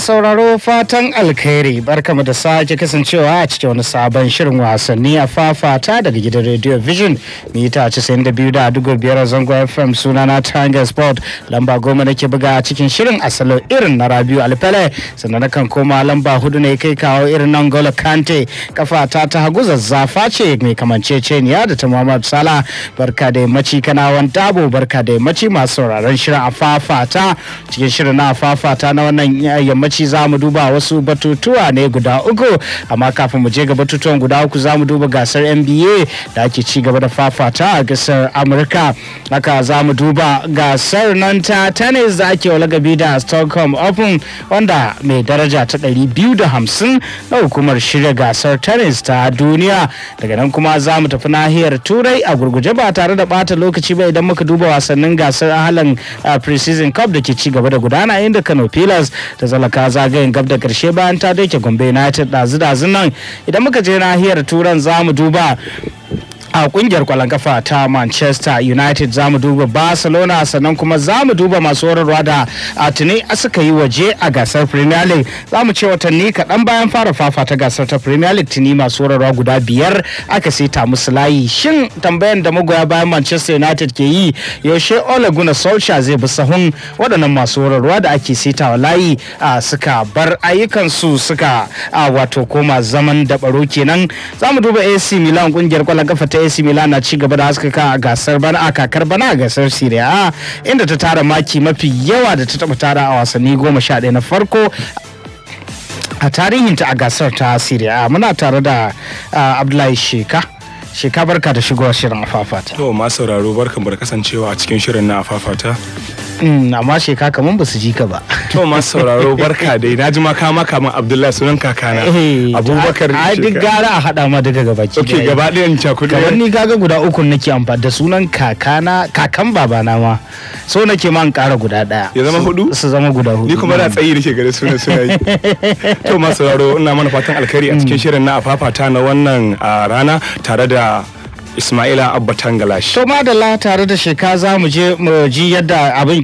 sauraro fatan alkhairi barkamu da sake kasancewa a cikin wani sabon shirin wasanni a fafata daga gidan radio vision mita 92.5 zango fm suna na tanga sport lamba goma nake buga a cikin shirin asalo irin na rabiu alfale sannan kan koma lamba hudu ne kai kawo irin nan gola kante kafata ta hagu zazzafa ce mai kamance kamanceceniya da ta muhammad sala barka da yammaci kanawan dabo barka da yammaci masu sauraron shirin a fafata cikin shirin na fafata na wannan yammacin yammaci za mu duba wasu batutuwa ne guda uku amma kafin mu je ga batutuwan guda uku za mu duba gasar nba da ake ci gaba da fafata a gasar amurka haka za mu duba gasar nan ta tennis da ake walagabi da stockholm open wanda mai daraja ta 250 na hukumar shirya gasar tennis ta duniya daga nan kuma za mu tafi nahiyar turai a gurguje ba tare da bata lokaci ba idan muka duba wasannin gasar halin eh, pre-season cup da ke ci gaba da gudana inda kano pillars ta zala tsallaka zagayen gab da karshe bayan ta doke gombe united dazu dazu nan idan muka je nahiyar turan za mu duba a kungiyar kwallon kafa ta manchester united za mu duba barcelona sannan kuma za mu duba masu horarwa da a tuni a suka yi waje a gasar premier league za mu ce watanni kaɗan bayan fara fafa ta gasar ta premier league tuni masu horarwa guda biyar aka ta musu layi shin tambayan da magoya bayan manchester united ke yi yaushe ole gunnar solskjaer zai bi sahun waɗannan masu horarwa da ake wa layi a suka bar ayyukansu suka wato koma zaman da kenan za mu duba ac milan kungiyar kwallon kafa ta ta AC Milan na ci gaba da haskaka a gasar bana a kakar bana a gasar Serie A inda ta tara maki mafi yawa da ta taba tara a wasanni goma sha ɗaya na farko a tarihinta a gasar ta Serie A muna tare da Abdullahi Sheka. Sheka barka da shigowa shirin afafata. To masu sauraro barkan bar kasancewa a cikin shirin na afafata. Mm, amma sheka kaman ba su ji ka ba to ma sauraro barka dai na ji maka maka man abdullahi sunan kakana eh, abubakar ai duk gara a hada ma daga gaba ki okay gaba ɗayan cakuɗe kamar ni kaga guda uku nake amfani da sunan kakana kakan babana ma so nake ma an ƙara guda ɗaya ya zama hudu su zama guda hudu ni kuma da mm. tsayi nake gare sunan sunayi to ma sauraro ina mana fatan alkhairi a cikin mm. shirin na afafata na wannan rana tare da Ismaila Abba Tangalashi. To madalla tare da sheka za mu je mu ji yadda abin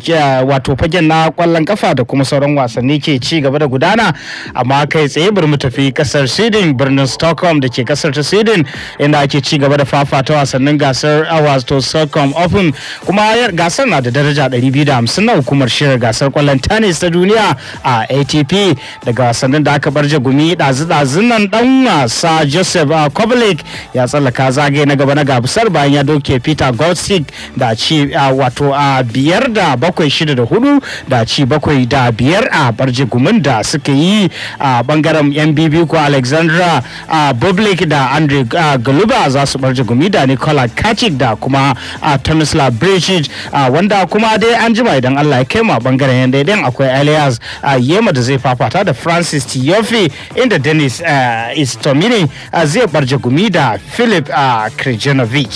wato fagen na kwallon kafa da kuma sauran wasanni ke ci gaba da gudana amma kai tsaye bari mu tafi kasar Sweden birnin Stockholm da ke kasar ta Sweden inda ake ci gaba da fafata wasannin gasar wato Stockholm Open kuma gasar na da daraja 250 na hukumar shirin gasar kwallon tennis ta duniya a ATP daga wasannin da aka bar jagumi dazu-dazun nan dan wasa Joseph Kovalik ya tsallaka zagaye na gaba na daga bayan ya doke peter goldstick da ci wato a biyar da bakwai shida da hudu da ci bakwai da biyar a gumin da suka yi a bangaren yan bibi ko alexandra bublik da andre galuba za su gumi da nicola kachik da kuma a tomislav bridget wanda kuma dai an jima idan allah ya kai bangaren yan idan akwai elias yema da zai fafata da francis tiyofi inda dennis istomini zai gumi da philip krij Djanovic.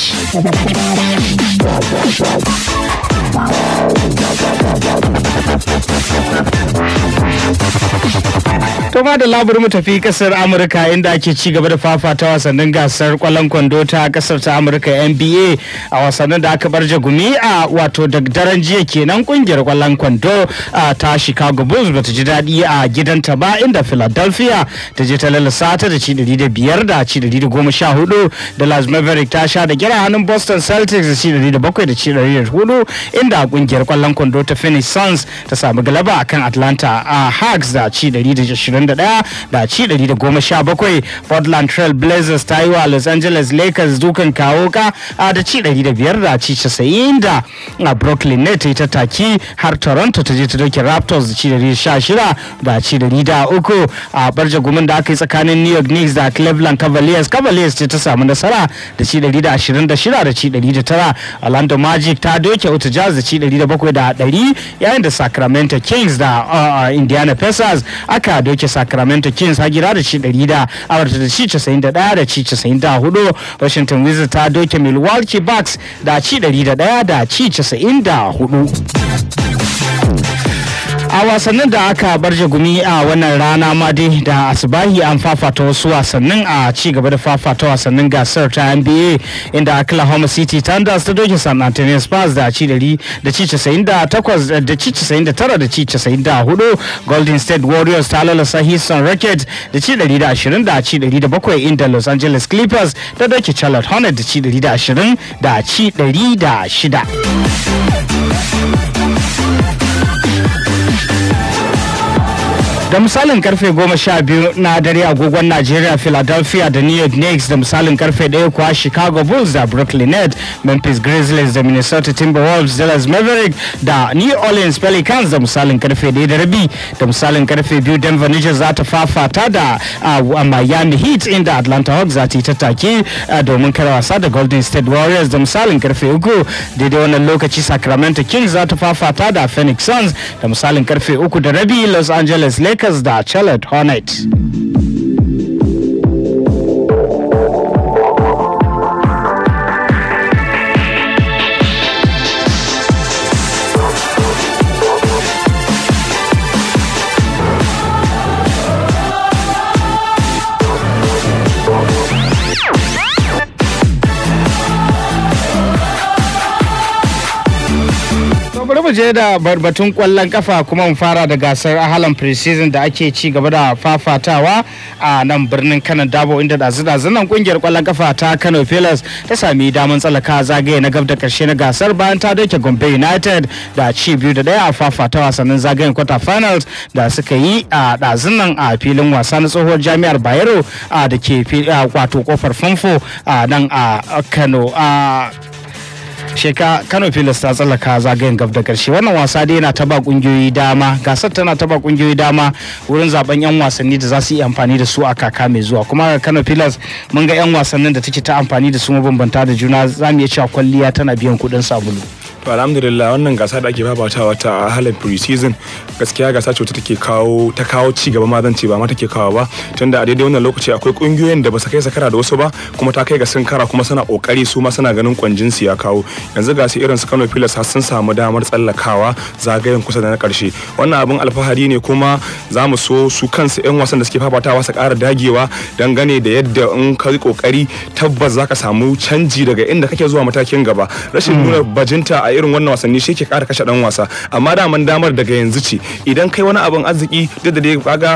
To ma da labarin tafi kasar Amurka inda ake ci gaba da fafata wasannin gasar kwallon kwando ta kasar ta Amurka NBA a wasannin da aka bar jagumi a wato da daren jiya kenan kungiyar kwallon kwando ta Chicago Bulls bata ji daɗi a gidanta ba inda Philadelphia ta je ta lalasa ta da ci ɗari da biyar da ci ɗari da goma sha hudu da Las Maverick ta sha da gira hannun Boston Celtics da ci ɗari da bakwai da ci ɗari da hudu inda kungiyar kwallon kwando ta Phoenix Suns ta samu galaba akan Atlanta a Hawks da ci 121 da ci 117 Portland Trail Blazers ta yi wa Los Angeles Lakers dukan kawo ka da ci 105 da ci 90 da Brooklyn Nets ta taki har Toronto ta je ta doke Raptors da ci 116 da ci 103 a barja gumin da aka yi tsakanin New York Knicks da Cleveland Cavaliers Cavaliers ce ta samu nasara da ci 126 da ci 109 Orlando Magic ta doke Utah Jazz da ci 107 da 100 yayin da Sacramento Kings da Indiana indiana pacers aka doke sacramento kings har gida da ci 100 da awarta da ci 91 da ci 94 washington wizards ta doke milwaukee bucks da ci 101 da ci 94 a wasannin da aka bar jagumi a wannan rana ma dai da asibahi an fafata wasu wasannin a ci gaba da fafata wasannin gasar ta nba inda oklahoma city thunders ta doke san antonio spurs da ci dari da ci 98 da ci 99 da ci 94 golden state warriors ta lalasa houston rockets da ci 120 da ci 107 inda los angeles clippers ta doke charlotte hornets da ci 120 da ci 106 da misalin karfe goma sha biyu na dare agogon Najeriya Philadelphia da New York Knicks da misalin karfe ɗaya kuwa Chicago Bulls da Brooklyn Nets, Memphis Grizzlies da Minnesota Timberwolves, Dallas Maverick da New Orleans Pelicans da misalin karfe ɗaya da rabi da misalin karfe biyu Denver Nuggets za ta fafata da Miami Heat inda Atlanta Hawks za ta yi tattaki domin kare wasa da Golden State Warriors da misalin karfe uku daidai wannan lokaci Sacramento Kings za ta fafata da Phoenix Suns da misalin karfe uku da rabi Los Angeles Lakers Lekasda Chalet Hornets. je da barbatun kwallon kafa kuma mu fara da gasar ahalan preseason da ake ci gaba da fafatawa a nan birnin Kano Dabo inda da dazun nan kungiyar kwallon kafa ta Kano Pilas ta sami damar tsalaka zagaye na gab da karshe na gasar bayan ta doke Gombe United da ci biyu da daya a fafatawa sannan zagayen quarter finals da suka yi a dazun a filin wasa na tsohuwar jami'ar Bayero da ke wato kofar famfo a nan a Kano a sheka kano filis ta tsallaka zagayen gab da karshe wannan wasa dai yana taba kungiyoyi dama gasar tana taba kungiyoyi dama wurin zaben yan wasanni da za su yi amfani da su a kaka mai zuwa kuma kano filis mun ga yan wasannin da take ta amfani da su mabambanta da juna za mu iya cewa kwalliya tana biyan kuɗin sabulu alhamdulillah wannan gasa da ake a ta halin pre-season gaskiya gasa ce take kawo ta kawo ci gaba ma zan ce ba ma take kawo ba tunda a daidai wannan lokaci akwai kungiyoyin da ba su kai sakara da wasu ba kuma ta kai ga sun kara kuma suna kokari su ma suna ganin kwanjin su ya kawo yanzu ga su irin su Kano Pilas har sun samu damar tsallakawa zagayen kusa da na karshe wannan abin alfahari ne kuma za mu so su kansu yan wasan da suke fafatawa su ƙara dagewa gane da yadda in ka yi kokari tabbas zaka samu canji daga inda kake zuwa matakin gaba rashin nuna bajinta a irin wannan wasanni shi ke kara kashe dan wasa amma da man damar daga yanzu ce idan kai wani abin arziki duk da dai kaga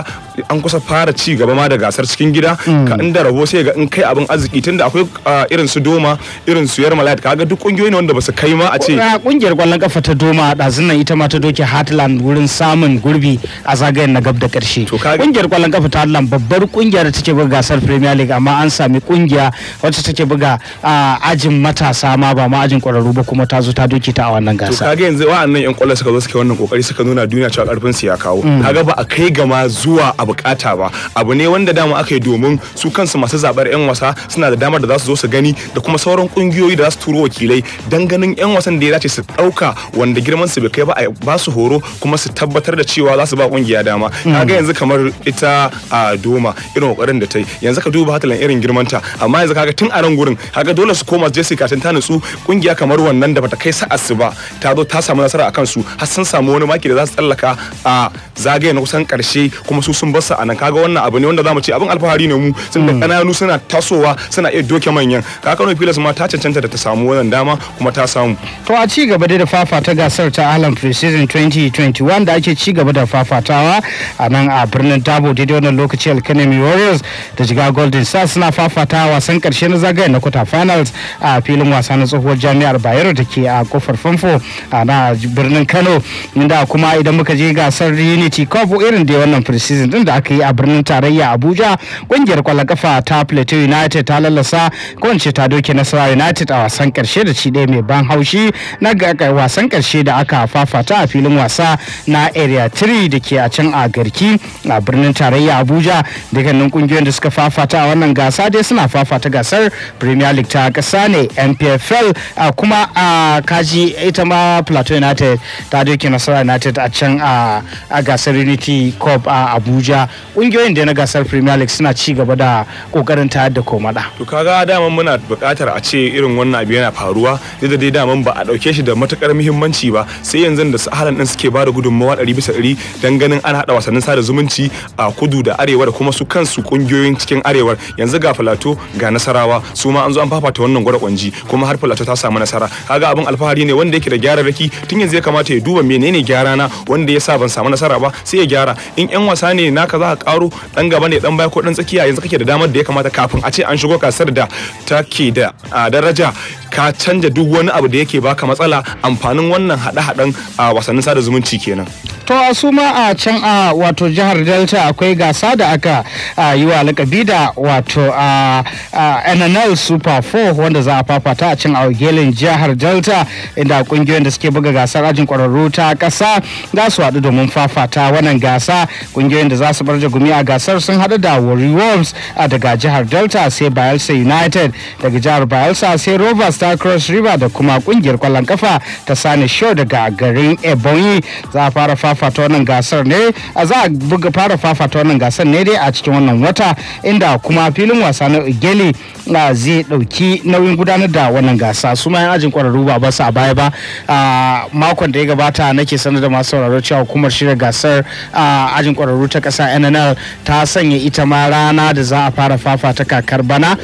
an kusa fara ci gaba ma da gasar cikin gida mm. ka inda rabo sai ga in kai abin arziki tunda akwai ah, irin su doma irin su yar malayat kaga duk kungiyoyi ne wanda ba kai ma a ce kungiyar ah, kwallon kafa ta doma dazun nan ita ma ta doke Heartland wurin samun gurbi a zagayen na gab da karshe kungiyar kwallon kafa ta Heartland babbar kungiya da take buga gasar Premier League amma an sami kungiya wacce take buga ah, ajin matasa ma ba ma ajin kwararru ba kuma ta zo ta doke ta a wannan gasa to yanzu wa'annan yan kwallo suka zo suka wannan kokari suka nuna duniya cewa karfin su ya kawo mm. kaga ba a kai gama zuwa a bukata ba abu ne wanda dama aka yi domin su kansu masu zabar yan wasa suna da damar da za su zo su gani da kuma sauran kungiyoyi da za su turo wakilai dan ganin yan wasan da ya dace su dauka wanda girman su bai kai ba a ba su horo kuma su tabbatar da cewa za su ba kungiya dama mm. kaga yanzu kamar ita a doma irin kokarin da ta yi yanzu ka duba hatalan irin girmanta amma yanzu kaga tun a ran gurin kaga dole su koma Jessica tun ta nutsu kungiya kamar wannan da bata kai sa asuba ta zo ta samu nasara akan su har sun samu wani maki da za su tsallaka a zagaye na kusan karshe kuma su sun bar su a nan kaga wannan abu ne wanda zamu ce abin alfahari ne mu sun da kananu hmm. suna tasowa suna iya doke manyan kakano pilas ma ta cancanta da ta samu wannan dama kuma ta samu to a ci gaba da fafata gasar ta Allen Precision 2021 da ake ci gaba da fafatawa a nan a birnin Tabo daidai wannan lokaci Alkanemi Warriors da Jiga Golden Stars suna fafatawa wasan karshe na zagaye na kwata finals a filin wasa na tsohuwar jami'ar Bayero da ke a kofar famfo a na birnin kano inda kuma idan muka je gasar unity cup irin da wannan preseason din da aka yi a birnin tarayya abuja kungiyar kwallon kafa ta plateau united ta lalasa kowace ta doke nasara united a wasan karshe da ci ɗaya mai ban haushi na wasan karshe da aka fafata a filin wasa na area 3 da ke a can a garki a birnin tarayya abuja dukkanin kungiyoyin da suka fafata a wannan gasa dai suna fafata gasar premier league ta ƙasa ne mpfl kuma a kaji ji ita ma plateau united ta doke nasara united a can a gasar unity cup a abuja ƙungiyoyin da na gasar premier league suna ci gaba da kokarin ta da komada to kaga daman muna buƙatar a ce irin wannan abu yana faruwa duk da dai daman ba a ɗauke shi da matukar muhimmanci ba sai yanzu da sahalan din suke bada gudunmawa ɗari bisa ɗari dan ganin ana haɗa wasannin sada zumunci a kudu da arewa da kuma su kansu ƙungiyoyin cikin arewar yanzu ga plateau ga nasarawa su ma an zo an fafata wannan gwara kwanji kuma har plateau ta samu nasara kaga abin alfahari nazari ne wanda yake da gyara raki tun yanzu ya kamata ya duba menene gyara na wanda ya sa ban samu nasara ba sai ya gyara in yan wasa ne naka za ka karo dan gaba ne dan baya ko dan tsakiya yanzu kake da damar da ya kamata kafin a ce an shigo kasar da take da ah, daraja ka canja duk wani abu da yake baka matsala amfanin wannan hada haɗen a wasannin sada zumunci kenan to a su ma a can a wato jihar delta akwai gasa da aka yi wa lakabi da wato a nnl super 4 wanda za a fafata a can a gelin jihar delta inda kungiyoyin da suke buga gasar ajin kwararru ta kasa za su haɗu domin fafata wannan gasa kungiyoyin da za su bar gumi a gasar sun haɗu da warriors daga jihar delta sai bayelsa united daga jihar bayelsa sai rovers star cross river da kuma kungiyar kwallon kafa ta sani show daga garin ebonyi za a fara fafata wannan gasar ne a za buga fara fafata wannan gasar ne dai a cikin wannan wata inda kuma filin wasa na igeli zai dauki nauyin gudanar da wannan gasa su ma yan ajin kwararru ba basu a baya ba a makon da ya gabata nake sanar da masu sauraro cewa hukumar shirya gasar ajin kwararru ta kasa nnl ta sanya ita ma rana da za a fara fafata kakar bana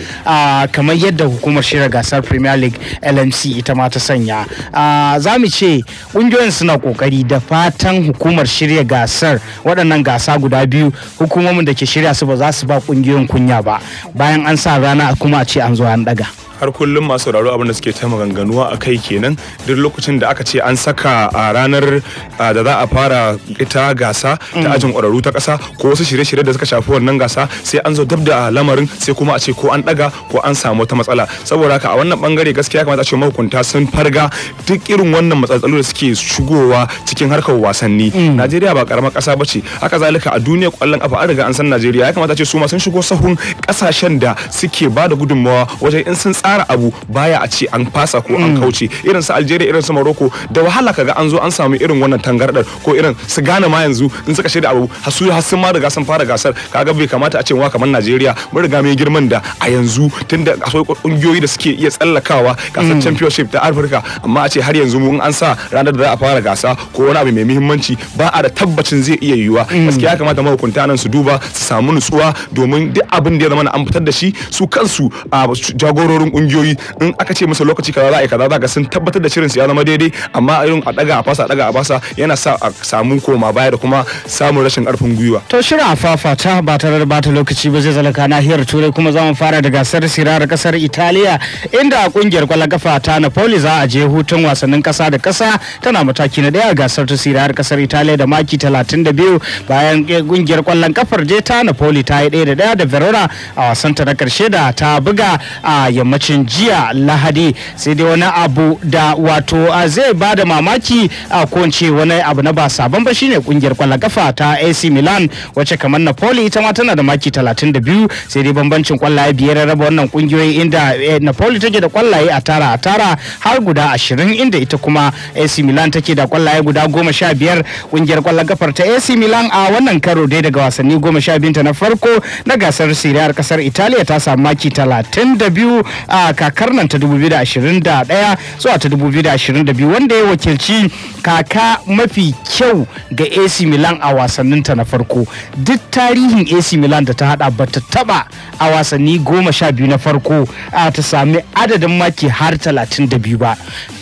kamar yadda hukumar shirya gasar premier league league lmc ita ma ta sanya ah, za mu ce ƙungiyoyin suna kokari da fatan hukumar shirya gasar waɗannan gasa guda biyu hukumomin da ke shirya su ba za su ba ƙungiyoyin kunya ba bayan an sa rana kuma a ce an zo an ɗaga. har kullum masu sauraro abinda suke ta maganganuwa a kai kenan duk lokacin da aka ce an saka a ranar da za a fara ita gasa ta mm. ajin ƙwararru ta kasa ko wasu shirye-shirye da suka shafi wannan gasa sai an zo dab da lamarin sai kuma a ce ko an ɗaga ko an samu wata matsala saboda haka a wannan bangare gaskiya kamata a ce mahukunta sun farga duk irin wannan matsatsalu da suke shigowa cikin harkar wasanni mm. Najeriya ba karamar kasa ba ce haka zalika a duniya kwallon afa an riga an san Najeriya ya kamata a ce su ma sun shigo sahun kasashen da suke ba da gudunmawa wajen in sun tsara abu baya a ce an fasa ko an mm. kauce irin su Algeria irin su Morocco da wahala kaga an zo an samu irin wannan tangardar ko irin su gane ma yanzu in suka shirya abu hasu har sun ma riga sun fara gasar kaga bai kamata a ce wa kamar Najeriya mun riga mai girman da a yanzu tunda akwai kungiyoyi da suke iya tsallakawa gasar mm. championship ta Afirka amma a ce har yanzu mun an sa ranar da za a fara gasa ko wani abu mai muhimmanci ba a da tabbacin zai iya yiwuwa mm. gaskiya kamata mahukunta nan su duba su samu nutsuwa domin duk abin da ya zama an fitar da shi su kansu a jagororin kungiyoyi in aka ce masa lokaci kaza za a yi kaza za ga sun tabbatar da shirin su ya zama daidai amma irin a daga a fasa a daga a fasa yana sa a samu koma baya da kuma samun rashin karfin gwiwa to shirin a fafata ba tare da bata lokaci ba zai zalaka nahiyar turai kuma zamu fara da gasar sirar kasar italiya inda kungiyar kwallon kafa ta napoli za a je hutun wasannin kasa da kasa tana mataki na daya gasar ta sirar kasar italiya da maki talatin biyu bayan kungiyar kwallon kafar je ta napoli ta yi daya da daya da verona a wasanta na karshe da ta buga a yammacin lokacin jiya lahadi sai dai wani abu da wato zai ba da mamaki a kowace wani abu na ba sabon ba shine kungiyar kwallon kafa ta AC Milan wacce kamar Napoli ita ma tana da maki 32 sai dai bambancin kwallaye biyar raba wannan kungiyoyi inda eh, Napoli take da kwallaye a tara a tara har guda ashirin inda ita kuma AC Milan take da kwallaye guda sha biyar kungiyar kwallon kafar ta AC Milan a wannan karo dai daga wasanni goma 15 ta na farko na gasar Serie kasar Italiya ta samu maki 32 a a kakar nan ta 2021 zuwa ta 2022 wanda ya wakilci kaka mafi kyau ga AC Milan a wasannin ta na farko duk tarihin AC Milan da ta hada ba ta taba a wasanni goma sha biyu na farko ta sami adadin maki har 32 ba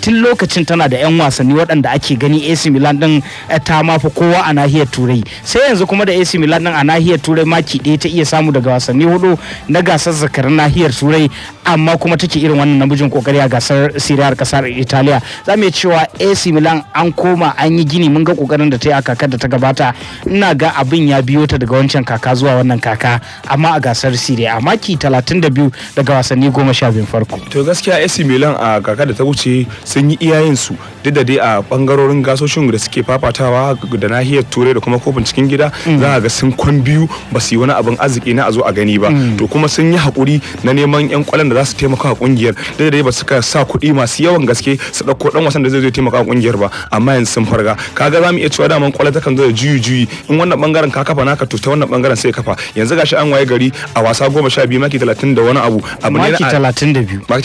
tun lokacin tana da 'yan wasanni waɗanda ake gani AC Milan din eh, ta mafi kowa a nahiyar Turai sai yanzu kuma da AC Milan din a nahiyar Turai maki ɗaya ta iya samu daga wasanni hudu na gasar zakarin nahiyar Turai amma kuma take irin wannan namijin kokari a gasar siriyar kasar Italiya za mu cewa AC Milan an koma an yi gini mun ga kokarin da ta yi a kakar da ta gabata ina ga abin ya biyo ta daga wancan kaka zuwa wannan kaka amma a gasar Siriya a maki 32 daga wasanni sha biyun farko to gaskiya AC Milan a kakar da ta wuce sun yi iyayensu duk da dai a bangarorin gasoshin da suke fafatawa da nahiyar turai da kuma kofin cikin gida mm. za a ga sun kwan biyu ba su yi wani abin arziki na a zo a gani ba mm. to kuma sun yi hakuri na neman yan kwallon da za su taimaka kungiyar duk da dai ba su ka sa kuɗi masu yawan gaske su ɗauko ɗan wasan da zai zo taimaka kungiyar ba amma yanzu sun farga kaga za mu iya cewa daman kwallon takan zo da juyi juyi in wannan bangaren ka kafa naka to ta wannan bangaren sai kafa yanzu gashi an waye gari a wasa goma sha biyu maki talatin da wani abu maki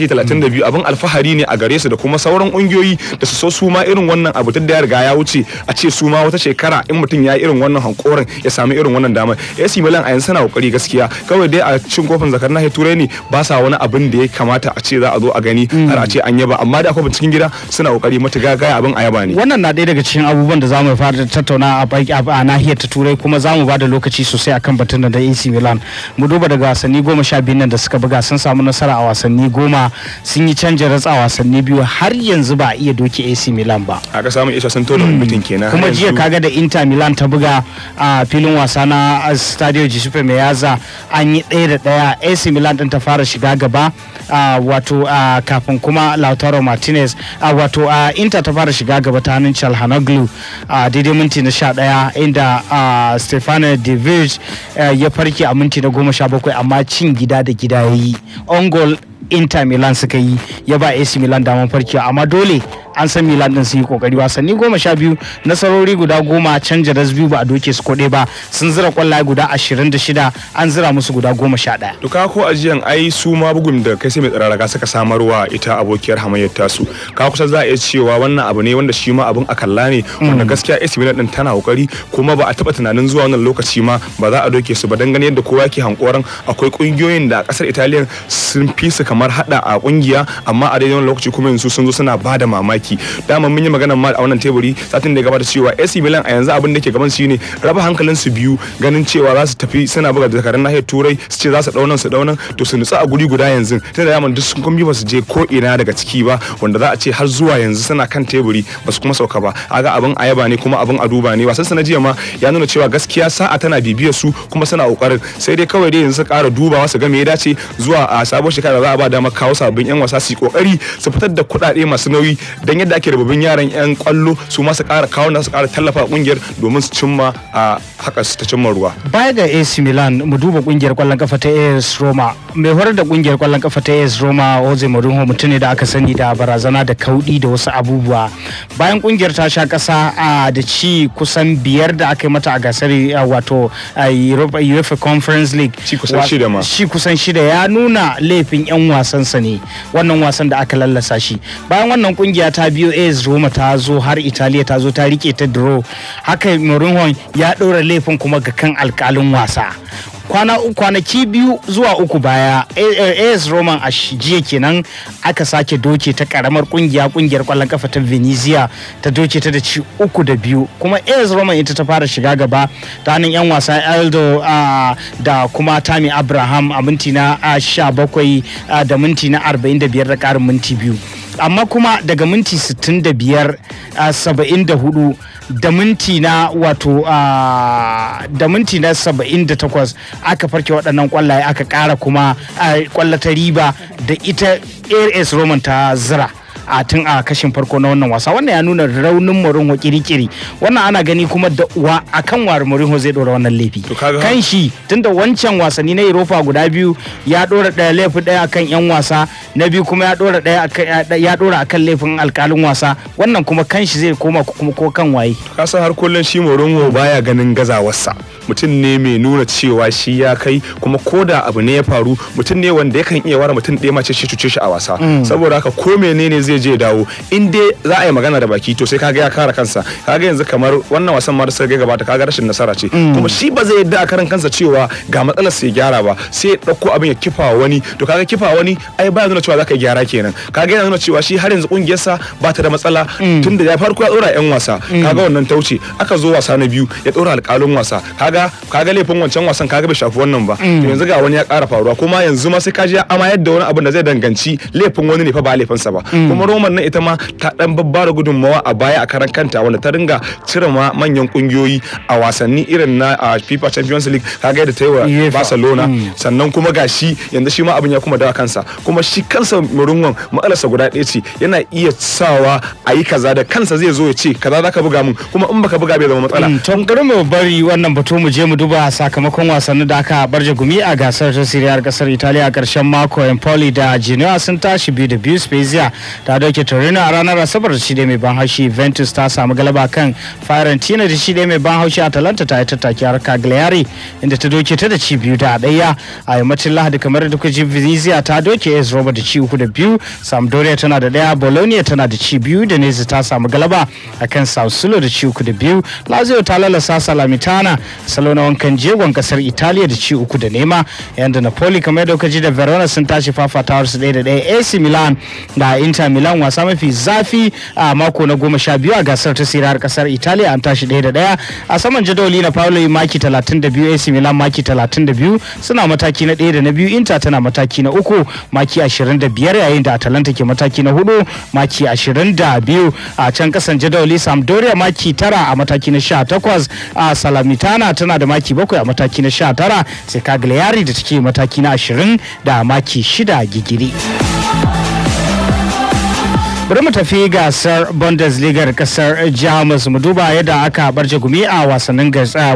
talatin da biyu abin alfahari ne a gare su da sauran kungiyoyi da su so su ma irin wannan abu da ya riga ya wuce a ce su ma wata shekara in mutum ya yi irin wannan hankoran ya sami irin wannan damar AC Milan a yanzu suna kokari gaskiya kawai dai a cin kofin zakar nahiyar turai ne ba sa wani abin da ya kamata a ce za a zo a gani mm. har a ce an yaba amma da akwai cikin gida suna kokari matuƙa gaya abin a yaba ne wannan na ɗaya daga cikin abubuwan da zamu fara tattauna a a nahiyar ta turai kuma zamu ba da lokaci sosai akan batun da AC Milan mu duba daga wasanni goma sha biyu nan da suka buga sun samu nasara a wasanni goma sun yi canje ratsa wasanni biyu har yanzu ba iya doki AC Milan ba a ka samu isa sun tona hmm. mutum kenan kuma jiya kaga da Inter Milan ta buga a filin wasa na Stadio Giuseppe Meazza an yi ɗaya da ɗaya AC Milan din ta fara shiga gaba wato kafin kuma Lautaro Martinez wato Inter ta fara shiga gaba ta hannun Chalhanoglu a daidai minti na 11 inda Stefano De Vrij eh, ya farke a minti na 17 amma cin gida da gida yayi. goal inter milan suka yi ya ba ac milan damar farkewa amma dole an san milan din su yi kokari wasanni goma sha biyu nasarori guda goma canja da biyu ba a doke su kode ba sun zira kwallaye guda ashirin da shida an zira musu guda goma sha ɗaya. duka ko ajiyan ai su ma bugun da kai sai mai tsararraka suka samarwa ita abokiyar hamayyar tasu ka kusa za a iya cewa wannan abu ne wanda shi ma abin akalla ne wanda gaskiya AC Milan din tana kokari kuma ba a taba tunanin zuwa wannan lokaci ma ba za a doke su ba dangane yadda kowa ke hankoran akwai kungiyoyin da a kasar Italiya sun fi su kamar kamar hada a kungiya amma a daidai lokaci kuma yanzu sun zo suna bada mamaki dama mun yi magana ma a wannan teburi satin da ya gabata cewa AC Milan a yanzu abin da ke gaban shi ne raba hankalin su biyu ganin cewa za su tafi suna buga da zakarun nahiyar turai su ce za su daunan su daunan to su nutsu a guri guda yanzu tun da yaman duk sun kuma ba su je ko ina daga ciki ba wanda za a ce har zuwa yanzu suna kan teburi ba su kuma sauka ba aga abin ayaba ne kuma abin a duba ne wasan na jiya ma ya nuna cewa gaskiya sa'a tana bibiyar su kuma suna kokarin sai dai kawai dai yanzu su kara dubawa su ga ya dace zuwa a sabon shekara za a ba damar kawo sababbin yan wasa su kokari su fitar da kuɗaɗe masu nauyi don yadda ake rububin yaran yan kwallo su ma su ƙara kawo na su ƙara tallafa kungiyar domin su cimma a haka su ta cimma ruwa baya ga AC Milan mu duba kungiyar kwallon kafa ta AS Roma mai horar da kungiyar kwallon kafa ta AS Roma Jose Mourinho mutum da aka sani da barazana da kaudi da wasu abubuwa bayan kungiyar ta sha kasa da ci kusan biyar da aka yi mata a gasar wato UEFA Conference League Ci kusan shida ya nuna laifin yan wasansa ne wannan wasan da aka lallasa shi bayan wannan kungiya ta biyo AS Roma ta zo har Italiya ta zo ta rike ta draw haka Mourinho ya ɗora laifin kuma ga kan alkalin wasa kwanaki biyu zuwa uku baya AS Roman a jiya kenan aka sake doke ta karamar kungiya kungiyar kwallon kafa ta Venezia ta doke ta da ci uku da biyu kuma AS Roman ita ta fara shiga gaba ta hannun yan wasa Eldo da kuma Tami Abraham a minti na 17 da minti na 45 da karin minti biyu amma kuma daga minti 65 74 da minti na wato da minti aka farke waɗannan kwallaye aka ƙara kuma kwallata riba da ita as roman ta zira a tun a kashin farko na wannan wasa wannan ya nuna raunin Mourinho kirikiri wannan ana gani kuma da wa akan war Mourinho zai dora wannan laifi kan shi tunda wancan wasanni na Europa guda biyu ya dora daya laifi daya akan yan wasa na biyu kuma ya dora daya akan ya dora akan laifin alkalin wasa wannan kuma kan shi zai koma kuma ko kan waye kasan har kullun shi Mourinho baya ganin gazawarsa mutum ne mai nuna cewa shi ya kai kuma da abu ne ya faru mutum ne wanda yakan iya wara mutum ɗaya mace shi cuce shi a wasa mm. saboda haka ko menene zai je dawo in dai za a yi magana da baki to sai kaga ya kare kansa kaga yanzu kamar wannan wasan ma da suka gabata kaga rashin nasara ce mm. kuma shi ba zai yadda a karan kansa cewa ga matsalar sai gyara ba sai ya ɗauko abin ya kifa wani to kaga kifa wani ai ba nuna cewa zaka gyara kenan kaga yana nuna cewa shi har yanzu kungiyarsa ba ta da matsala mm. tunda ya farko ya ɗora yan wasa kaga wannan tauce aka zo wasa na biyu ya ɗora alƙalin wasa kaga kaga kaga laifin wancan wasan kaga bai shafi wannan ba mm. yanzu ga wani ya ƙara faruwa kuma yanzu ma sai kaji ya amayar da wani abin da zai danganci laifin wani ne fa ba laifinsa ba mm. kuma roman nan ita ma ta dan babbara gudunmawa a baya a karan kanta wanda ta ringa cire ma manyan kungiyoyi a wasanni irin na FIFA Champions League kaga yadda ta yi wa Barcelona mm. sannan kuma gashi yanzu shi ma abin ya kuma dawa kansa kuma shi kansa murungon matsalarsa guda ɗaya ce yana iya sawa a yi kaza da kansa zai zo ya ce kaza ka buga mun kuma in baka buga bai zama matsala. Tun bari wannan batun mu je mu duba sakamakon wasannin da aka barje gumi a gasar ta siriyar kasar Italiya a karshen mako Empoli da Genoa sun tashi biyu da biyu Spezia ta dauke Torino a ranar Asabar da shida mai ban haushi Ventus ta samu galaba kan Fiorentina da shida mai ban haushi Atalanta ta yi tattaki har Cagliari inda ta doke ta da ci biyu da daya a yammacin Lahadi kamar da kuji Venezia ta doke es roba da ci uku da biyu Sampdoria tana da ɗaya Bologna tana da ci biyu da Nezi ta samu galaba akan Sausulo da ci uku da biyu Lazio ta lalasa Salamitana salo na wankan jegon kasar italiya da ci uku da nema yayin napoli kamar yadda ji da verona sun tashi fafatawar su ɗaya da ɗaya ac milan da inter milan wasa mafi zafi a mako na goma sha biyu a gasar ta sirar kasar italiya an tashi ɗaya da ɗaya a saman jadawali na paolo maki talatin da biyu ac milan maki talatin da biyu suna mataki na ɗaya da na biyu inter tana mataki na uku maki ashirin da biyar yayin da atalanta ke mataki na hudu maki ashirin da biyu a can kasan jadawali sampdoria maki tara a mataki na sha takwas a salamitana tana da maki bakwai a mataki na sha tara sai kagliari da take mataki na ashirin da maki shida gigiri. bari mu tafi gasar bundesliga kasar jamus mu duba yadda aka barje gumi a wasannin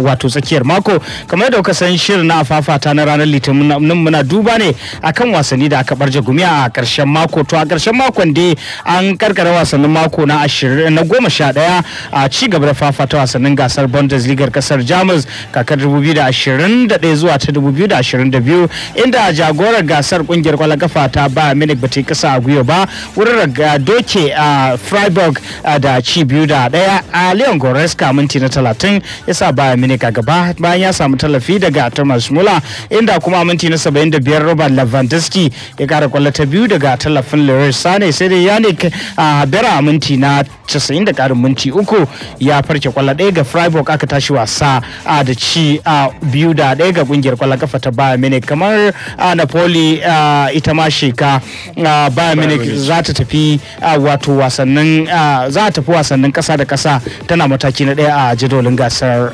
wato tsakiyar mako kamar yadda kuka san shirin na fafata na ranar litinin muna duba ne akan wasanni da aka barje gumi a karshen mako to a karshen makon dai an karkara wasannin mako na ashirin na goma sha daya a ci gaba da fafata wasannin gasar bundesliga kasar jamus kakar 2021 zuwa ta 2022 inda jagorar gasar kungiyar kwallon kafa ta ba munich ba kasa a gwiwa ba wurin raga doke a uh, freiburg uh, da ci biyu da daya a leon goreska minti na talatin ya sa baya ga gaba bayan ya samu tallafi daga thomas muller inda kuma minti na saba'in da biyar robert lewandowski ya kara kwallo ta biyu daga tallafin Leroy sane sai dai yannick uh, bera minti na casa'in da karin minti uku ya farke kwallo daya ga freiburg aka tashi wasa a da ci biyu da daya ga kungiyar kwallon kafa ta baya mini kamar napoli ita ma sheka bayan minika za ta tafi wato wasannin za a tafi wasannin kasa da kasa tana mataki na ɗaya a jadolin gasar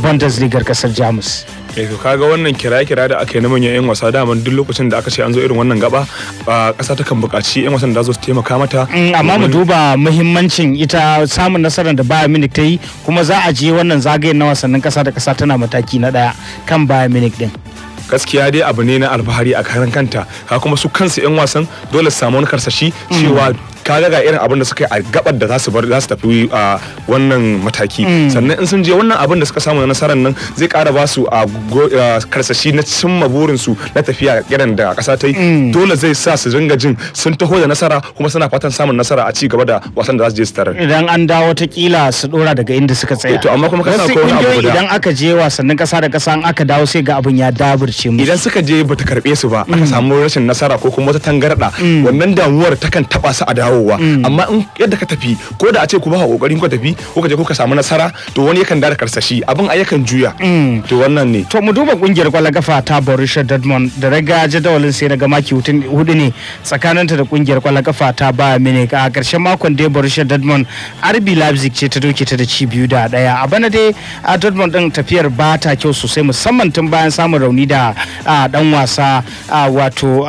bundesliga kasar jamus eh to kaga wannan kira-kira da aka yi na manyan 'yan wasa daman duk lokacin da aka ce an zo irin wannan gaba a ƙasa kan buƙaci 'yan wasan da za su taimaka mata mm, amma mu duba muhimmancin ita samun nasarar da Bayern Munich ta yi kuma za a je wannan zagayen na wasannin ƙasa da kasa tana mataki na ɗaya kan Bayern Munich din gaskiya dai abu ne na alfahari a karan kanta ha kuma su kansu yan wasan dole su samu wani karsashi cewa Ka ga irin abin da suka yi a gabar da za su bar za su tafi a wannan mataki hmm. sannan in sun je wannan abin da suka samu na nasarar nan zai kara ba su a karsashi na cimma burin su na tafiya irin da kasa ta yi hmm. dole zai sa su ringa jin sun taho da nasara kuma suna fatan samun nasara a ci gaba da wasan da za su je su tarar idan an dawo ta kila su dora daga inda suka tsaya eh, to amma kuma kasa ko wani abu da idan aka je wasannin kasa da kasa an aka dawo sai ga abin ya daburce mu idan suka je bata karbe su ba aka hmm. samu rashin nasara ko kuma wata tangarda wannan damuwar takan taba su a dawo dawowa mm. amma in yadda ka tafi ko da a ce ku ba kokarin ku tafi ko ka je ka samu nasara to wani yakan dara karsashi abin a yakan juya mm. to wannan ne to mu duba kungiyar kwallon kafa ta Borussia Dortmund da raga jadawalin sai daga maki hudu ne tsakaninta da kungiyar kwallon kafa ta Bayern Munich a karshen makon ya Borussia Dortmund RB Leipzig ce ta doke ta da ci biyu da daya a bana dai a Dortmund din tafiyar ba ta kyau sosai musamman tun bayan samun rauni da dan wasa wato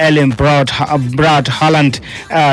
Ellen Brad Holland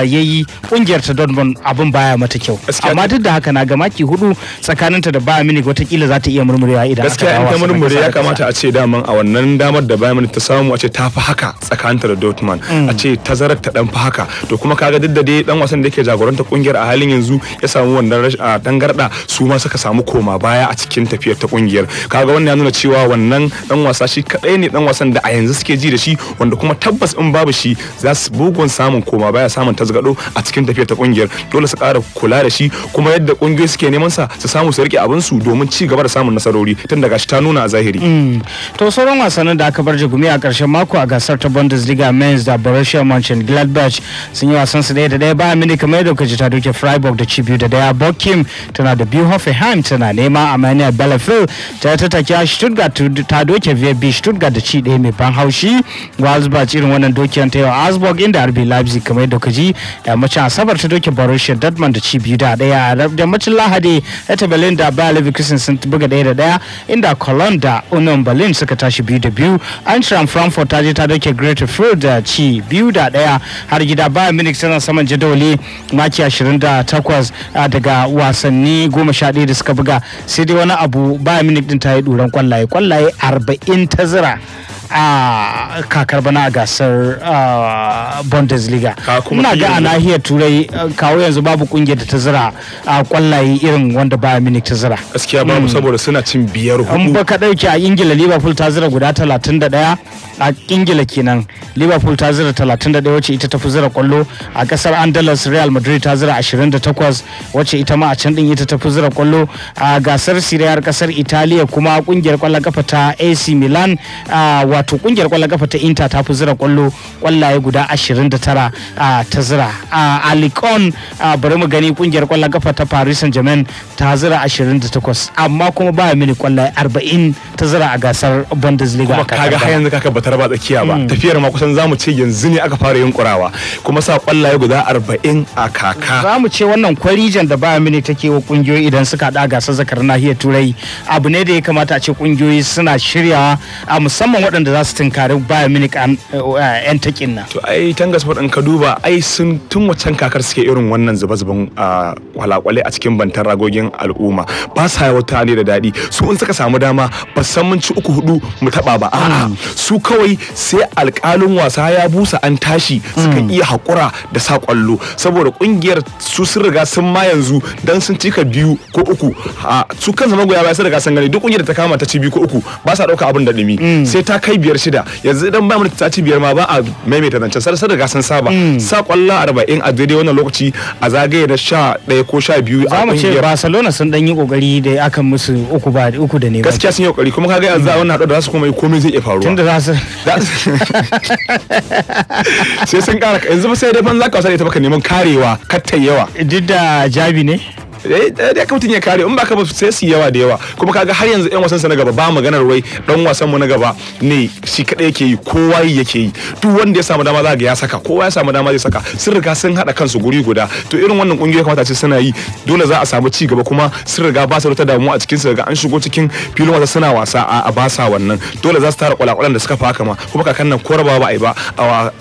yayi kungiyar ta Dortmund abin baya mata kyau amma duk da haka na ga maki hudu tsakaninta da Bayern Munich watakila za ta iya murmurewa idan gaskiya in ta murmure ya kamata a ce daman a wannan damar da Bayern Munich ta samu a ce ta fi haka tsakaninta da Dortmund mm. a ce tazarar ta dan fi haka to kuma kaga duk da dai dan wasan da yake jagoranta kungiyar a halin yanzu ya samu wannan garda su ma suka samu koma baya a cikin tafiyar ta kungiyar kaga wannan ya nuna cewa wannan dan wasa shi kadai ne dan wasan da a yanzu suke ji da shi wanda kuma tabbas in babu shi za su bugun samun koma baya samun tasgado a cikin tafiyar ta kungiyar dole su kara kula da shi kuma yadda kungiyoyi suke neman sa su samu su rike abin su domin ci gaba da samun nasarori tun daga shi ta nuna a zahiri mm. to sauran wasannin da aka bar jigumi a ƙarshen mako a gasar ta Bundesliga Mainz da Borussia Mönchengladbach sun yi wasan su ɗaya da ɗaya bayan mini kamar yadda kuka ji ta doke Freiburg da ci biyu da daya Bochum tana da biyu Hoffenheim tana nema a Mania Bielefeld ta ta take Stuttgart ta doke VfB Stuttgart da ci daya mai ban haushi Wolfsburg irin wannan dokiyar ta yau Augsburg inda RB Leipzig kamar yadda kuka ji yammacin asabar ta doke borussia dortmund da ci biyu da daya yammacin lahadi ta berlin da bayer leverkusen sun buga daya da daya inda cologne da union berlin suka tashi biyu da biyu antrim frankfurt ta je ta doke greater field da ci biyu da daya har gida bayern munich tana saman jadawali maki 28 daga wasanni 11 da suka buga sai dai wani abu bayern munich din ta yi duran kwallaye kwallaye 40 tazara a kakar bana a gasar bundesliga muna ga a nahiyar turai kawo yanzu babu kungiyar da ta zira a kwallaye irin wanda baya munich ta zira gaskiya babu hmm. saboda suna cin biyar hudu an baka dauki a ingila liverpool ta zira guda 31 a ingila kenan liverpool ta zira 31 wacce ita ta fi zira kwallo a kasar andalus real madrid ta zira 28 wacce ita ma a can din ita ta fi zira kwallo a gasar siriyar kasar italiya kuma kungiyar kwallon kafa ta ac milan wato kungiyar kwallon kafa ta Inter ta fi zira kwallo kwallaye guda 29 ta zira a Alicon bari mu gani kungiyar kwallon kafa ta Paris Saint-Germain ta zira 28 amma kuma ba mini kwallaye 40 ta zira a gasar Bundesliga kuma kaga har yanzu kaka batar ba tsakiya ba mm. tafiyar ma kusan zamu ce yanzu ne aka fara yunkurawa kuma sa kwallaye guda 40 a kaka zamu ce wannan kwarijan da ba mini take wa kungiyoyi idan suka da gasar zakar nahiyar Turai abu ne da ya kamata a ce kungiyoyi suna shiryawa a musamman waɗanda da za su tunkari Bayern uh, uh, Munich yan takin nan. To ai tangas Faɗin ka duba ai sun tun wacan kakar suke irin wannan zuba-zuban uh, kwalakwale a cikin bantan ragogin al'umma ba sa wata ne da daɗi su in suka samu dama ba san mun ci uku hudu mu taɓa ba a'a mm. su kawai sai alƙalin wasa ya busa an tashi suka mm. iya haƙura da sa kwallo saboda ƙungiyar su sun riga sun ma yanzu dan sun cika biyu ko uku su kan zama goya ba sun riga sun gani duk ƙungiyar ta kama ta ci biyu ko uku ba sa ɗauka abin da ɗumi mm. sai ta kai kai biyar shida yanzu idan ba mu ta ci biyar ma ba a maimaita zancen sarsa da gasan saba hmm. sa kwallo arba'in a daidai wannan lokaci a zagaye na sha ɗaya ko sha biyu a ƙungiyar barcelona sun dan yi kokari da aka musu uku ba uku da ne gaskiya sun yi kokari kuma kaga yanzu a wannan da za su kuma komai zai iya faruwa tunda za su sai sun kara yanzu ba sai dai ban za ka wasa da ita baka neman karewa kattan yawa duk da jabi ne ya eh, eh, kamata ya kare in ba ka ba sai su yawa da yawa kuma kaga har yanzu yan wasan sa na gaba ba maganar wai dan wasan mu na gaba ne shi kadai yake yi kowa yake yi duk wanda ya samu dama za ga ya saka kowa ya samu dama zai saka sun riga sun hada kansu guri guda to irin wannan kungiyoyi kamata ce suna yi dole za a samu ci gaba kuma sun riga ba su da damuwa a cikin su daga an shigo cikin filin wasa suna wasa a basa wannan dole za su tara kwalakwalan da suka fa kama kuma kakan nan ba a ba a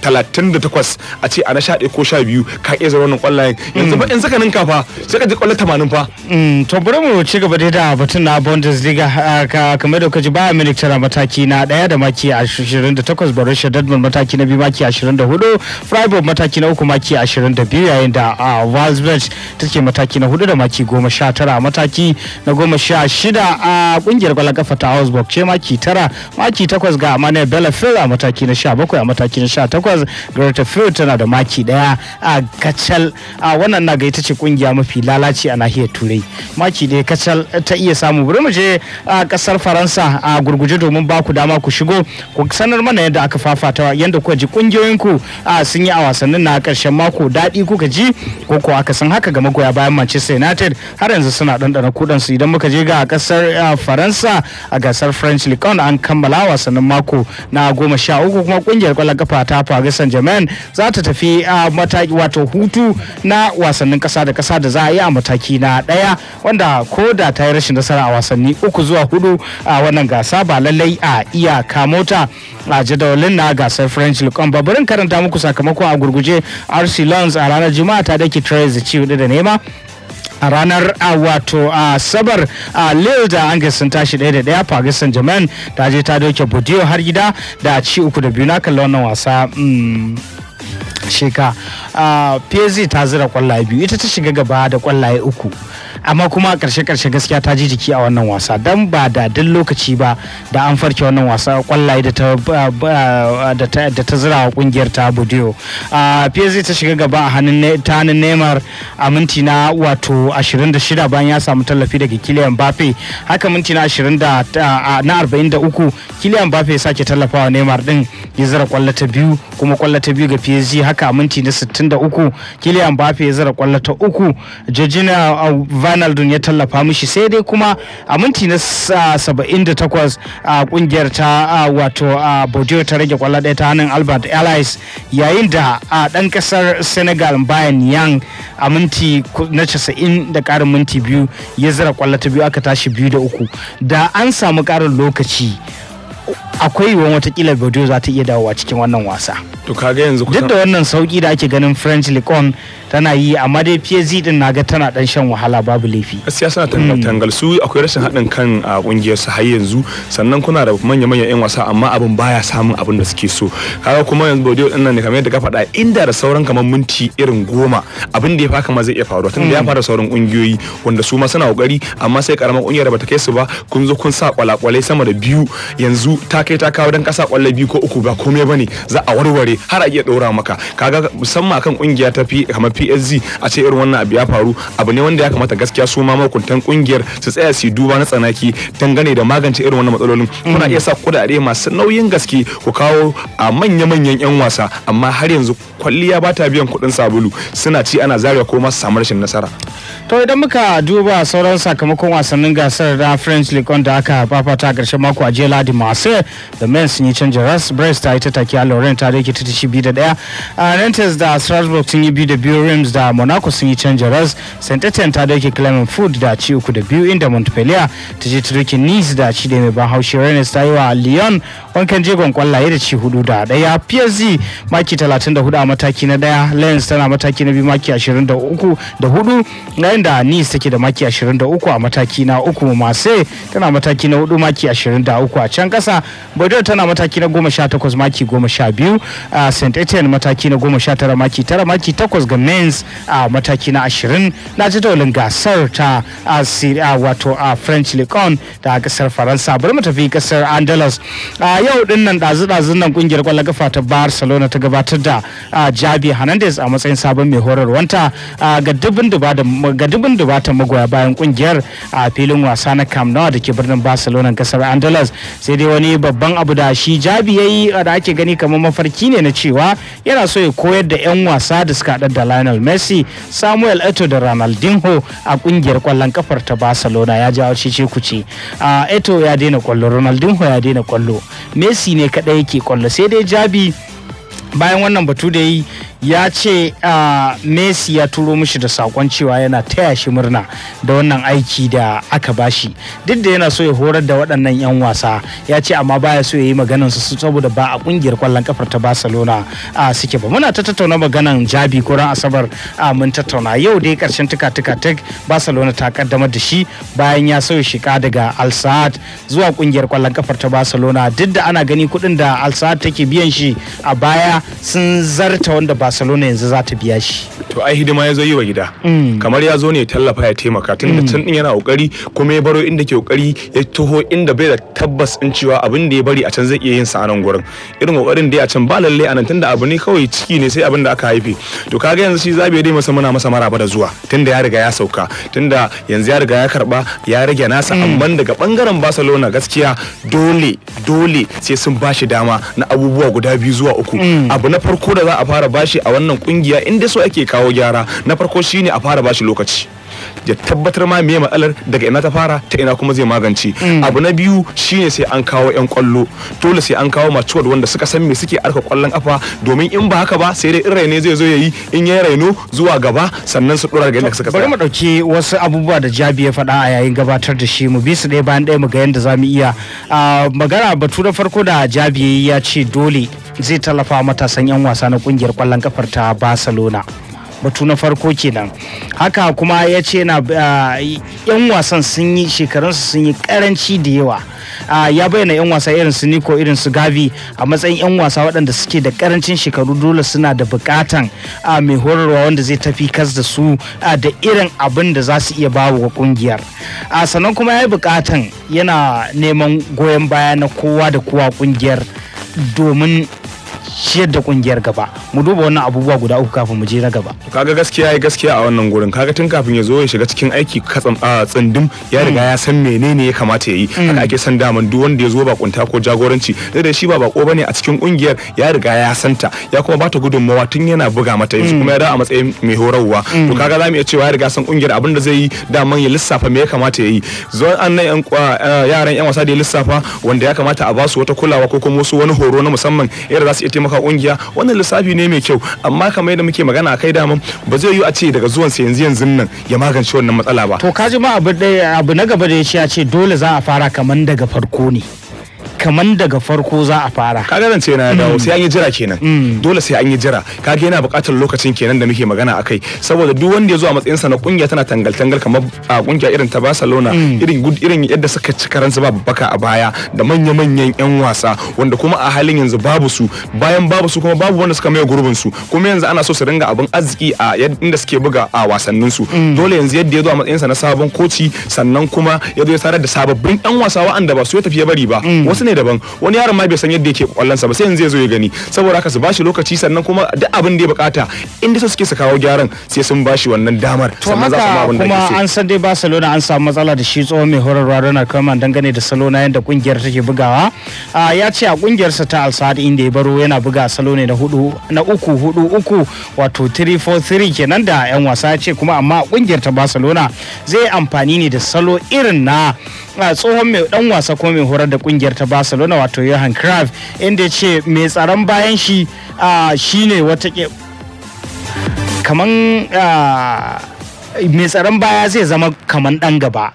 38 a ce a na 11 ko 12 ka iya zama wannan kwallayen yanzu ba in saka ninka fa sai ka ji kwallo 80 fa mm, to bari mu ci gaba dai da batun na Bundesliga ah, kamar da kaji Bayern Munich tara mataki na ɗaya da maki 28 Borussia Dortmund mataki na biyu maki 24 Freiburg mataki na uku maki 22 yayin da ah, Wolfsburg take mataki na hudu da maki 19 mataki na 16 a kungiyar kwallon kafa ta Augsburg ce maki 9 maki 8 ga Amane Bielefeld a mataki na 17 a mataki na 18 takwas Greta field tana da maki daya a kacal a wannan na ga ita ce kungiya mafi lalaci a nahiyar turai maki daya kacal ta iya samu bari mu je a kasar Faransa a gurguje domin ba ku dama ku shigo ku sanar mana yadda aka fafata yadda kuka ji kungiyoyinku sun yi a wasannin na karshen mako daɗi kuka ji ko ko aka san haka ga magoya bayan Manchester United har yanzu suna ɗanɗana kudansu idan muka je ga kasar Faransa a gasar French League an kammala wasannin mako na goma sha uku kuma kungiyar kwallon kafa ta Paris Saint-Germain za ta tafi a mataki wato hutu na wasannin kasa da kasa da za a yi a mataki na daya wanda ko da ta yi rashin nasara a wasanni uku zuwa hudu a wannan gasa ba lallai a iya kamota a jadawalin na gasar French League ba barin karanta muku sakamakon a gurguje RC Lens a ranar Juma'a ta dake da ci da nema a ranar a wato a sabar a lille da angers sun tashi ɗaya da ɗaya pakistan saint germain ta je ta doke Bodio har gida da ci uku da biyu na kalli wannan wasa mm, sheka psg ta zira kwallaye biyu ita ta shiga gaba da kwallaye uku amma kuma a karshe karshe gaskiya ta ji jiki a wannan wasa don ba da duk lokaci ba da an farke wannan wasa kwallaye da ta da ta zira wa kungiyar ta budiyo PSG ta shiga gaba a hannun ta hannun Neymar a minti na wato 26 bayan ya samu tallafi daga Kylian Mbappe haka minti na 20 da na 43 Kylian Mbappe ya sake tallafawa Neymar din ya zira kwallo ta biyu kuma kwallo ta biyu ga PSG haka a minti na 63 Kylian Mbappe ya zira kwallo ta uku Jorginho uh, Ronaldo ya tallafa mishi sai dai kuma a minti na 78 a kungiyar ta wato Bordeaux ta rage kwallo ɗaya ta hannun Albert Allies yayin da a ɗan ƙasar Senegal bayan Yang a minti na 90 da ƙarin minti biyu ya zira kwallo ta biyu aka tashi biyu da uku da an samu ƙarin lokaci akwai yiwuwar watakila Bordeaux za ta iya dawowa cikin wannan wasa. to kaga yanzu duk da wannan sauki da ake ganin french likon tana yi amma dai psg din naga tana dan shan wahala babu laifi gaskiya suna tangal tangal su akwai rashin haɗin kan a kungiyar su har yanzu sannan kuna da manya manyan yan wasa amma abin baya samun abin da suke so kaga kuma yanzu bodio din nan ne kamar yadda ka faɗa inda da sauran kamar minti irin goma abin da ya faka ma zai iya faruwa tun da ya mm. fara sauran kungiyoyi wanda su ma suna kokari amma sai karamar kungiyar bata kai su ba kun zo kun sa kwalakwalai sama da biyu yanzu ta kai ta kawo dan kasa kwallo biyu ko uku ba komai bane za a warware har a iya ɗora maka kaga musamman akan kungiya ta fi kamar PSG a ce irin wannan abu ya faru abu ne wanda ya kamata gaskiya su ma makuntan kungiyar su tsaya su duba na tsanaki dangane da magance irin wannan matsalolin mm. kuna iya sa kudade masu nauyin gaske ku kawo a manya-manyan 'yan wasa amma har yanzu kwalliya ba ta biyan kuɗin sabulu suna ci ana zarewa ko masu samu rashin nasara to idan muka duba sauran sakamakon wasannin gasar da french league da aka fafata a karshen mako a jiya ladi masu da men sun yi canjin ras brest ta yi ta take a laurent ta da ke ta ci biyu da daya a da strasbourg sun yi biyu da biyu rims da monaco sun yi canja ras st etienne ta doke clement food da ci uku da biyu inda montpellier ta ce ta doke nice da ci da mai ban haushi rennes ta yi wa lyon wankan jegon kwallaye da ci hudu da daya psg maki talatin da a mataki na daya lens tana mataki na biyu maki ashirin da uku da yayin da nice take da maki ashirin a mataki na uku masse tana mataki na hudu maki ashirin a can kasa bordeaux tana mataki na goma maki goma a st etienne mataki na goma sha tara maki tara maki takwas ga men's a mataki na ashirin na jadawalin gasar ta wato a french lecon da kasar faransa bari mu tafi kasar andalus a yau din nan dazu dazu nan kungiyar kwallon kafa ta barcelona ta gabatar da jabi hernandez a matsayin sabon mai horarwanta ga dubin ta magoya bayan kungiyar a filin wasa na camp nou da ke birnin barcelona kasar andalus sai dai wani babban abu da shi jabi ya yi da ake gani kamar mafarki ne bayyana cewa yana so ya koyar da 'yan wasa da suka haɗa da Lionel Messi, Samuel Eto da Ronaldinho a kungiyar kwallon kafar ta Barcelona ya jawo ce, kuce. Eto ya daina kwallo, Ronaldinho ya daina kwallo, Messi ne kaɗai yake kwallo sai dai Jabi bayan wannan batu da yi ya ce ah, messi ya turo mishi da sakon cewa yana taya shi murna da wannan aiki da aka bashi duk da yana so ya horar da waɗannan 'yan wasa ya ce amma baya so ya yi maganan su saboda ba a kungiyar kwallon kafar ta barcelona a ah, suke ba muna ta tattauna maganan jabi ko ran asabar ah, mun tattauna yau dai karshen tuka tuka tek barcelona ta kaddamar da shi bayan ya sauya shiga daga al saad zuwa ƙungiyar kwallon kafar ta barcelona duk da ana gani kuɗin da al saad take biyan shi a baya sun zarta wanda ba. barcelona yanzu za ta biya shi to ai hidima ya zo yi wa gida mm. kamar ya zo ne ya tallafa ya taimaka tun da mm. can din yana kokari kuma ya baro inda ke kokari ya taho inda bai da tabbas in cewa abin da ya bari a can zai iya yin sa nan gurin irin kokarin da ya can ba lalle anan nan tunda abu ne kawai ciki ne sai abin da aka haife to kaga yanzu shi zabi dai masa muna masa maraba da zuwa tunda ya riga ya sauka tunda yanzu ya riga ya karba ya rage nasa mm. Amman daga bangaren Barcelona gaskiya dole dole sai sun bashi dama na abubuwa guda biyu zuwa uku abu na farko da za a fara bashi a wannan kungiya inda so ake kawo gyara na farko shine a fara bashi lokaci ya tabbatar ma me matsalar daga ina ta fara ta ina kuma zai magance mm. abu na biyu shine sai an kawo yan kwallo dole sai an kawo masu wanda suka san me suke arka kwallon kafa domin in ba haka ba sai dai in raine zai zo yayi in ya raino zuwa gaba sannan su dora ga inda suka bari mu dauki wasu abubuwa da Jabi ya faɗa a yayin gabatar da shi mu bi su ɗaya bayan ɗaya mu ga yadda zamu iya magana batu na farko da Jabi ya ce dole zai tallafa matasan 'yan wasa na kungiyar kwallon kafar ta barcelona batu na farko kenan haka kuma ya ce na ah, yan wasan sun yi shekarunsu sun yi karanci da yawa ah, ya bayyana yan wasa irin su niko irin su gavi a matsayin yan wasa waɗanda suke da karancin shekaru dole suna da bukatan ah, mai horarwa wanda zai tafi kas da su da irin abin da za su iya bawo wa kungiyar sannan kuma ya yi bukatan yana neman goyon baya na kowa da kowa kungiyar domin ciyar da kungiyar gaba mu duba wannan abubuwa guda uku kafin mu je na gaba kaga gaskiya ya gaskiya a wannan gurin kaga tun kafin ya zo ya shiga cikin aiki katsam a tsindim ya riga ya san menene ya kamata ya yi mm. haka ake san daman duk wanda ya zo kunta ko jagoranci da da shi ba bako bane a cikin kungiyar ya riga ya santa ya kuma bata gudunmawa tun yana buga mata yanzu mm. kuma ya da a matsayin mai horarwa to mm. kaga zamu iya cewa ya riga san kungiyar abin da zai yi daman ya lissafa me ya kamata ya yi zo an nan eh, yaran yan wasa da ya lissafa wanda ya kamata a basu wata kulawa ko kuma wasu wani horo na musamman yadda za su iya taimaka kungiya wannan lissafi ne mai kyau amma kamar yadda muke magana a kai daman ba zai yi a ce daga zuwan sa yanzu yanzu nan ya magance wannan matsala ba to ka ji ma abu na gaba da ya ce dole za a fara kaman daga farko ne kaman daga farko za a fara Ka nan ce na dawo mm. sai an yi jira kenan mm. dole sai an yi jira ka ga yana buƙatar lokacin kenan da muke magana akai saboda duk wanda ya zo a matsayin sa na kungiya tana tangal tangal kamar a kungiya irin ta Barcelona mm. irin irin yadda suka ci karansu babu baka a baya da manya manyan yan wasa wanda kuma a halin yanzu babu su bayan babu su kuma babu wanda suka mai gurbin su kuma yanzu ana so su ringa abin arziki a inda suke buga a wasannin su dole yanzu yadda ya zo a matsayin sa na sabon koci sannan kuma ya zo ya tarar da sababbin yan wasa wa'anda ba su ya tafi ya bari ba wasu ne daban wani yaron ma bai san yadda yake sa ba sai yanzu ya zo ya gani saboda haka su bashi lokaci sannan kuma duk abin da ya bukata inda su suke su kawo gyaran sai sun bashi wannan damar sannan za su abin da kuma an san dai Barcelona an samu matsala da shi tsohon mai horarwa Ronald Koeman dangane da salo na yadda kungiyar take bugawa ya ce a kungiyarsa ta Al Sadd inda ya baro yana buga salo ne na hudu na uku hudu uku wato 343 kenan da yan wasa ya ce kuma amma kungiyar ta Barcelona zai amfani ne da salo irin na tsohon mai dan wasa ko mai horar da kungiyar ta barcelona wato johan cruyff inda ya ce mai tsaron bayan shi shine wata kaman mai tsaron baya zai zama kaman dan gaba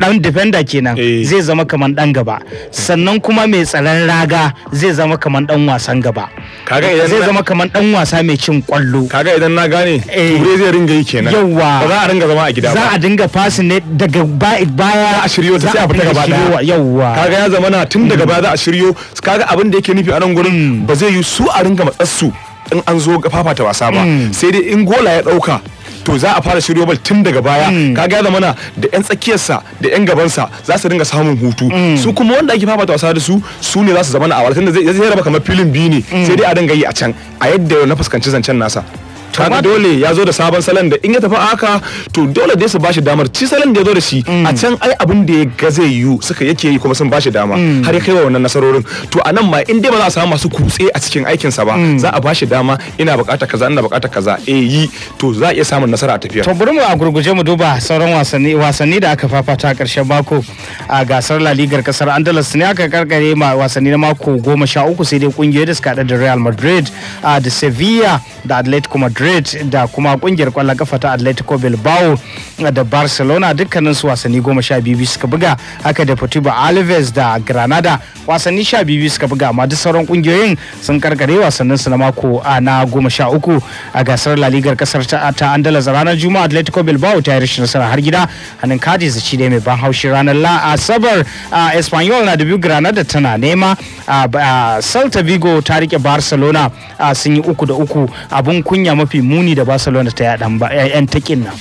dan defender kenan eh. zai zama kaman dan gaba sannan kuma mai tsaron raga zai zama kaman dan wasan gaba kaga idan zai zama kaman dan wasa mai cin kwallo kaga idan na gane eh. ture zai ringa yi kenan yawa ba za a ringa zama a gida ba za a dinga fasin ne daga baya a shiryo ta sai a fita gaba daya yawa kaga ya zama na tun daga baya za a shiryo kaga abin da yake nufi a nan gurin hmm. ba zai yi su a ringa matsassu in an zo fafata wasa ba hmm. sai dai in gola ya dauka to za a fara shiryo tun daga baya mm. kaga ya zamana da yan tsakiyarsa da yan gabansa za su dinga samun hutu mm. su kuma wanda ake fafata wasa da su su ne za su zamana a walatin da zai raba kamar filin biyu ne mm. sai dai a dinga yi a can a yadda na fuskanci zancen nasa kaga dole ya zo da sabon salon da in ya tafi haka to dole dai su bashi damar ci salon da ya zo da shi mm. a can ai abin da ya ga zai yi suka yake yi kuma sun bashi dama mm. har ya kai wa wannan nasarorin to a nan ma in dai ba za a samu masu kutse a cikin aikin sa ba mm. za a bashi dama ina bukata kaza ina bukata kaza eh yi to za a iya samun nasara a tafiyar to bari mu a gurguje mu duba sauran wasanni wasanni da aka fafata karshen mako a gasar La Liga kasar Andalus ne aka karkare ma wasanni na mako goma sha uku sai dai kungiyoyi da suka da Real Madrid da Sevilla da Atletico Madrid madrid da kuma kungiyar kwallon kafa ta atletico bilbao da barcelona dukkanin su wasanni goma sha biyu suka buga haka da deportivo alves da granada wasanni sha biyu suka buga amma duk sauran kungiyoyin sun karkare wasannin su na mako na goma sha uku a gasar la ligar kasar ta andalus ranar juma'a atletico bilbao ta yi rashin nasara har gida hannun cadiz da cide mai ban haushi ranar la asabar espanyol na da granada tana nema celta vigo ta rike barcelona sun yi uku da uku abun kunya mafi mafi muni da barcelona ta yan takin nan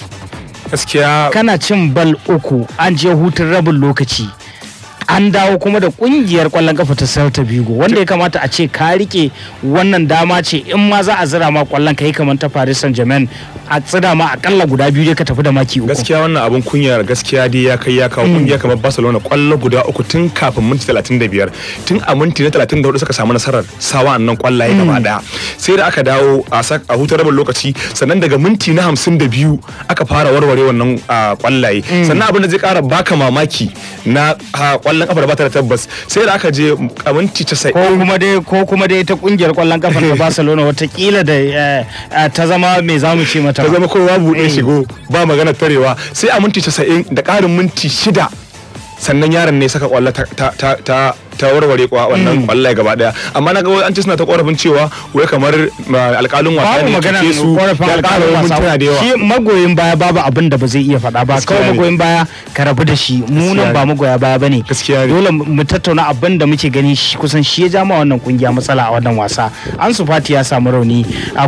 gaskiya kana cin bal uku an je hutun rabin lokaci an dawo kuma da kungiyar kwallon kafa ta Celta Vigo wanda ya kamata a ce ka rike wannan dama ce in ma za a zira ma kwallon kai kamar ta Paris Saint-Germain a tsira ma akalla guda biyu dai ka tafi da maki uku gaskiya wannan abun kunya gaskiya dai ya kai ya kawo mm. kungiya kamar Barcelona kwallo guda uku tun kafin minti 35 tun a minti na 34 suka samu nasarar sawa annan kwallaye gaba mm. daya sai da aka dawo a hutar rabin lokaci sannan daga minti na 52 aka fara warware wannan ah, kwallaye mm. sannan abin da zai kara baka mamaki na ah, kwallaye kwallon kafa da ba ta da tabbas sai da aka je a minti 90 ko kuma dai ko kuma dai ta kungiyar kwallon kafa ta Barcelona kila da eh, eh, ta zama mai zamu ce mata ta zama kowa bude eh. shigo ba magana tarewa sai a minti 90 da karin minti shida sannan yaron ne saka kwallo ta ta warware kwa wannan hmm. kwallaye gaba daya amma na ga an ce suna ta korafin cewa wai kamar alƙalin wasa ne ya su ya ƙara mintuna da yawa shi magoyin baya babu abin da ba zai iya faɗa ba kawai magoyin baya ka rabu da shi mu nan ba magoya baya bane dole mu tattauna abin da muke gani kusan shi ya ja ma wannan kungiya matsala a wannan wasa an su fati ya samu rauni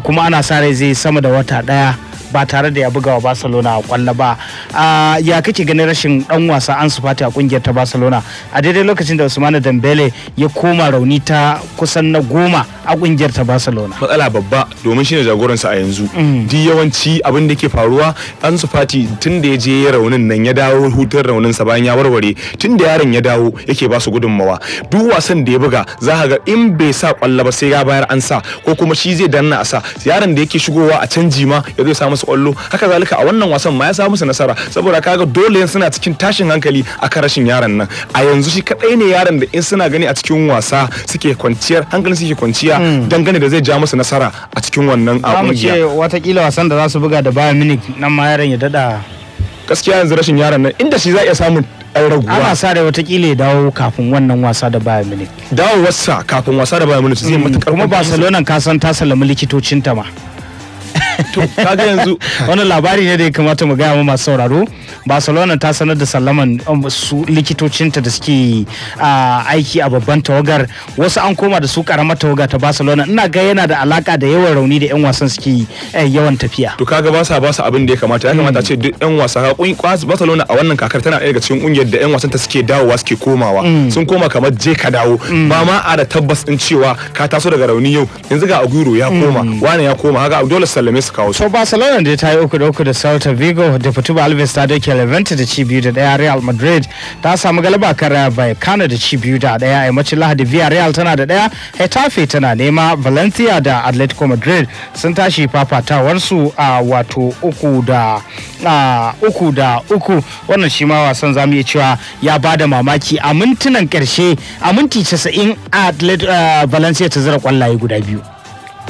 kuma ana sa rai zai sama da wata daya ba tare da ya buga wa barcelona a kwallo ba ya kake ganin rashin dan wasa an sufati a kungiyar ta barcelona a daidai lokacin da usmanu dembele ya koma rauni ta kusan na goma a kungiyar ta barcelona matsala babba domin shine jagoransa a yanzu mm. duk yawanci abin da ke faruwa an sufati tun da ya je raunin nan ya dawo hutun raunin sa bayan ya warware tun da yaron ya dawo yake ba su gudunmawa duk wasan da ya buga za ka ga in bai sa kwallo ba sai ya bayar an sa ko kuma shi zai danna a sa yaron da yake shigowa a canji ma ya zai samu masu kwallo haka zalika a wannan wasan ma ya samu su nasara saboda kaga dole suna cikin tashin hankali ka rashin yaron nan a yanzu shi kadai ne yaron da in suna gani a cikin wasa suke kwanciyar hankalin suke kwanciya hmm. dangane da zai ja musu nasara a cikin wannan a kungiya ce watakila wasan da za su buga da Bayern Munich nan ma yaran ya dada gaskiya yanzu rashin yaron nan inda shi za iya samun ana sa da watakila ya dawo kafin wannan wasa da Bayern Munich dawo wasa kafin wasa da Bayern Munich zai hmm. matakar kuma Barcelona ka san ta salami likitocinta ma to kaga yanzu wannan labari ne da ya kamata mu gaya masu sauraro barcelona ta sanar da sallaman um, su likitocinta da suke aiki a babban tawagar wasu an koma da su karamar tawaga ta barcelona ina ga yana da alaka da yawan rauni da yan wasan suke eh, yawan tafiya to kaga ba sa ba su abin da ya kamata ya kamata hmm. ce duk yan wasa barcelona a wannan kakar tana daga cikin kungiyar da yan wasanta suke dawowa suke komawa hmm. sun koma kamar je ka dawo hmm. ba ma a da tabbas din cewa ka taso daga rauni yau yanzu ga aguero ya koma wani ya koma haka dole sallame su scouts. so barcelona da ta yi uku da uku da celta vigo da ba alves ta doke levante da ci biyu da daya real madrid ta samu galaba kan real vallecano da ci biyu da daya yammacin lahadi via real tana da daya hetafe tana nema valencia da atletico madrid sun tashi fafatawarsu a wato uku da uku da uku wannan shi ma wasan zamu iya cewa ya bada mamaki a mintunan karshe a minti 90 eh, valencia ta zira kwallaye guda biyu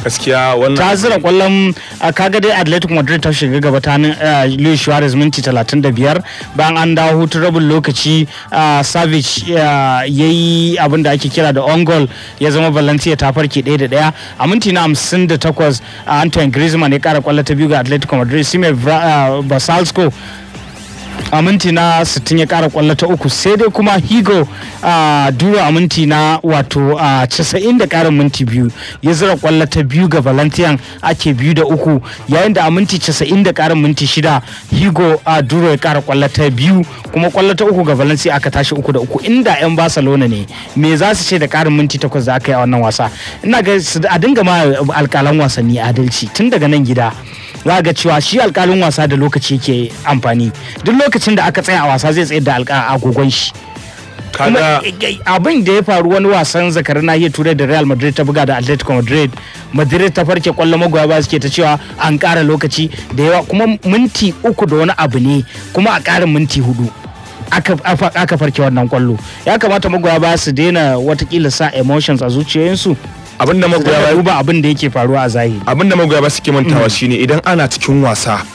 gaskiya wannan ta zira kwallon kaga dai Atletico Madrid ta shiga gaba ta eh, Luis Suarez minti 35 bayan an dawo hutu rabin lokaci eh, savage eh, yayi yi ake kira da on goal ya zama Valencia ta farke ɗaya da ɗaya a minti na 58 Antoine Griezmann ya kara kwallo ta biyu ga Atletico Madrid Sime Basalsko a minti na 60 ya kara kwallo ta uku sai dai kuma higo a duro a minti na wato a 90 da karin minti biyu ya zira kwallo ta biyu ga valentian ake biyu da uku yayin da a minti 90 da karin minti shida higo a duro ya kara kwallo ta biyu kuma kwallo ta uku ga valencia aka tashi uku da uku inda yan barcelona ne me za su ce da karin minti takwas da aka yi a wannan wasa ina ga a dinga ma alkalan wasanni adalci tun daga nan gida za ga cewa shi alkalin wasa da lokaci ke amfani duk lokacin da aka tsaya a wasa zai tsayar da agogon shi e, e, abin da ya faru wani wasan zakarin nahiyar turai da real madrid ta buga da atletico madrid madrid ta farke kwallon magoya ba suke ta cewa an kara lokaci da yawa kuma minti uku da wani abu ne kuma a karin minti hudu aka farke wannan kwallo ya kamata magoya ba su daina watakila sa emotions a zuciyoyinsu abin da magoya ba abin da yake faruwa a zahiri abin da magoya ba suke mantawa mm. shine idan ana cikin wasa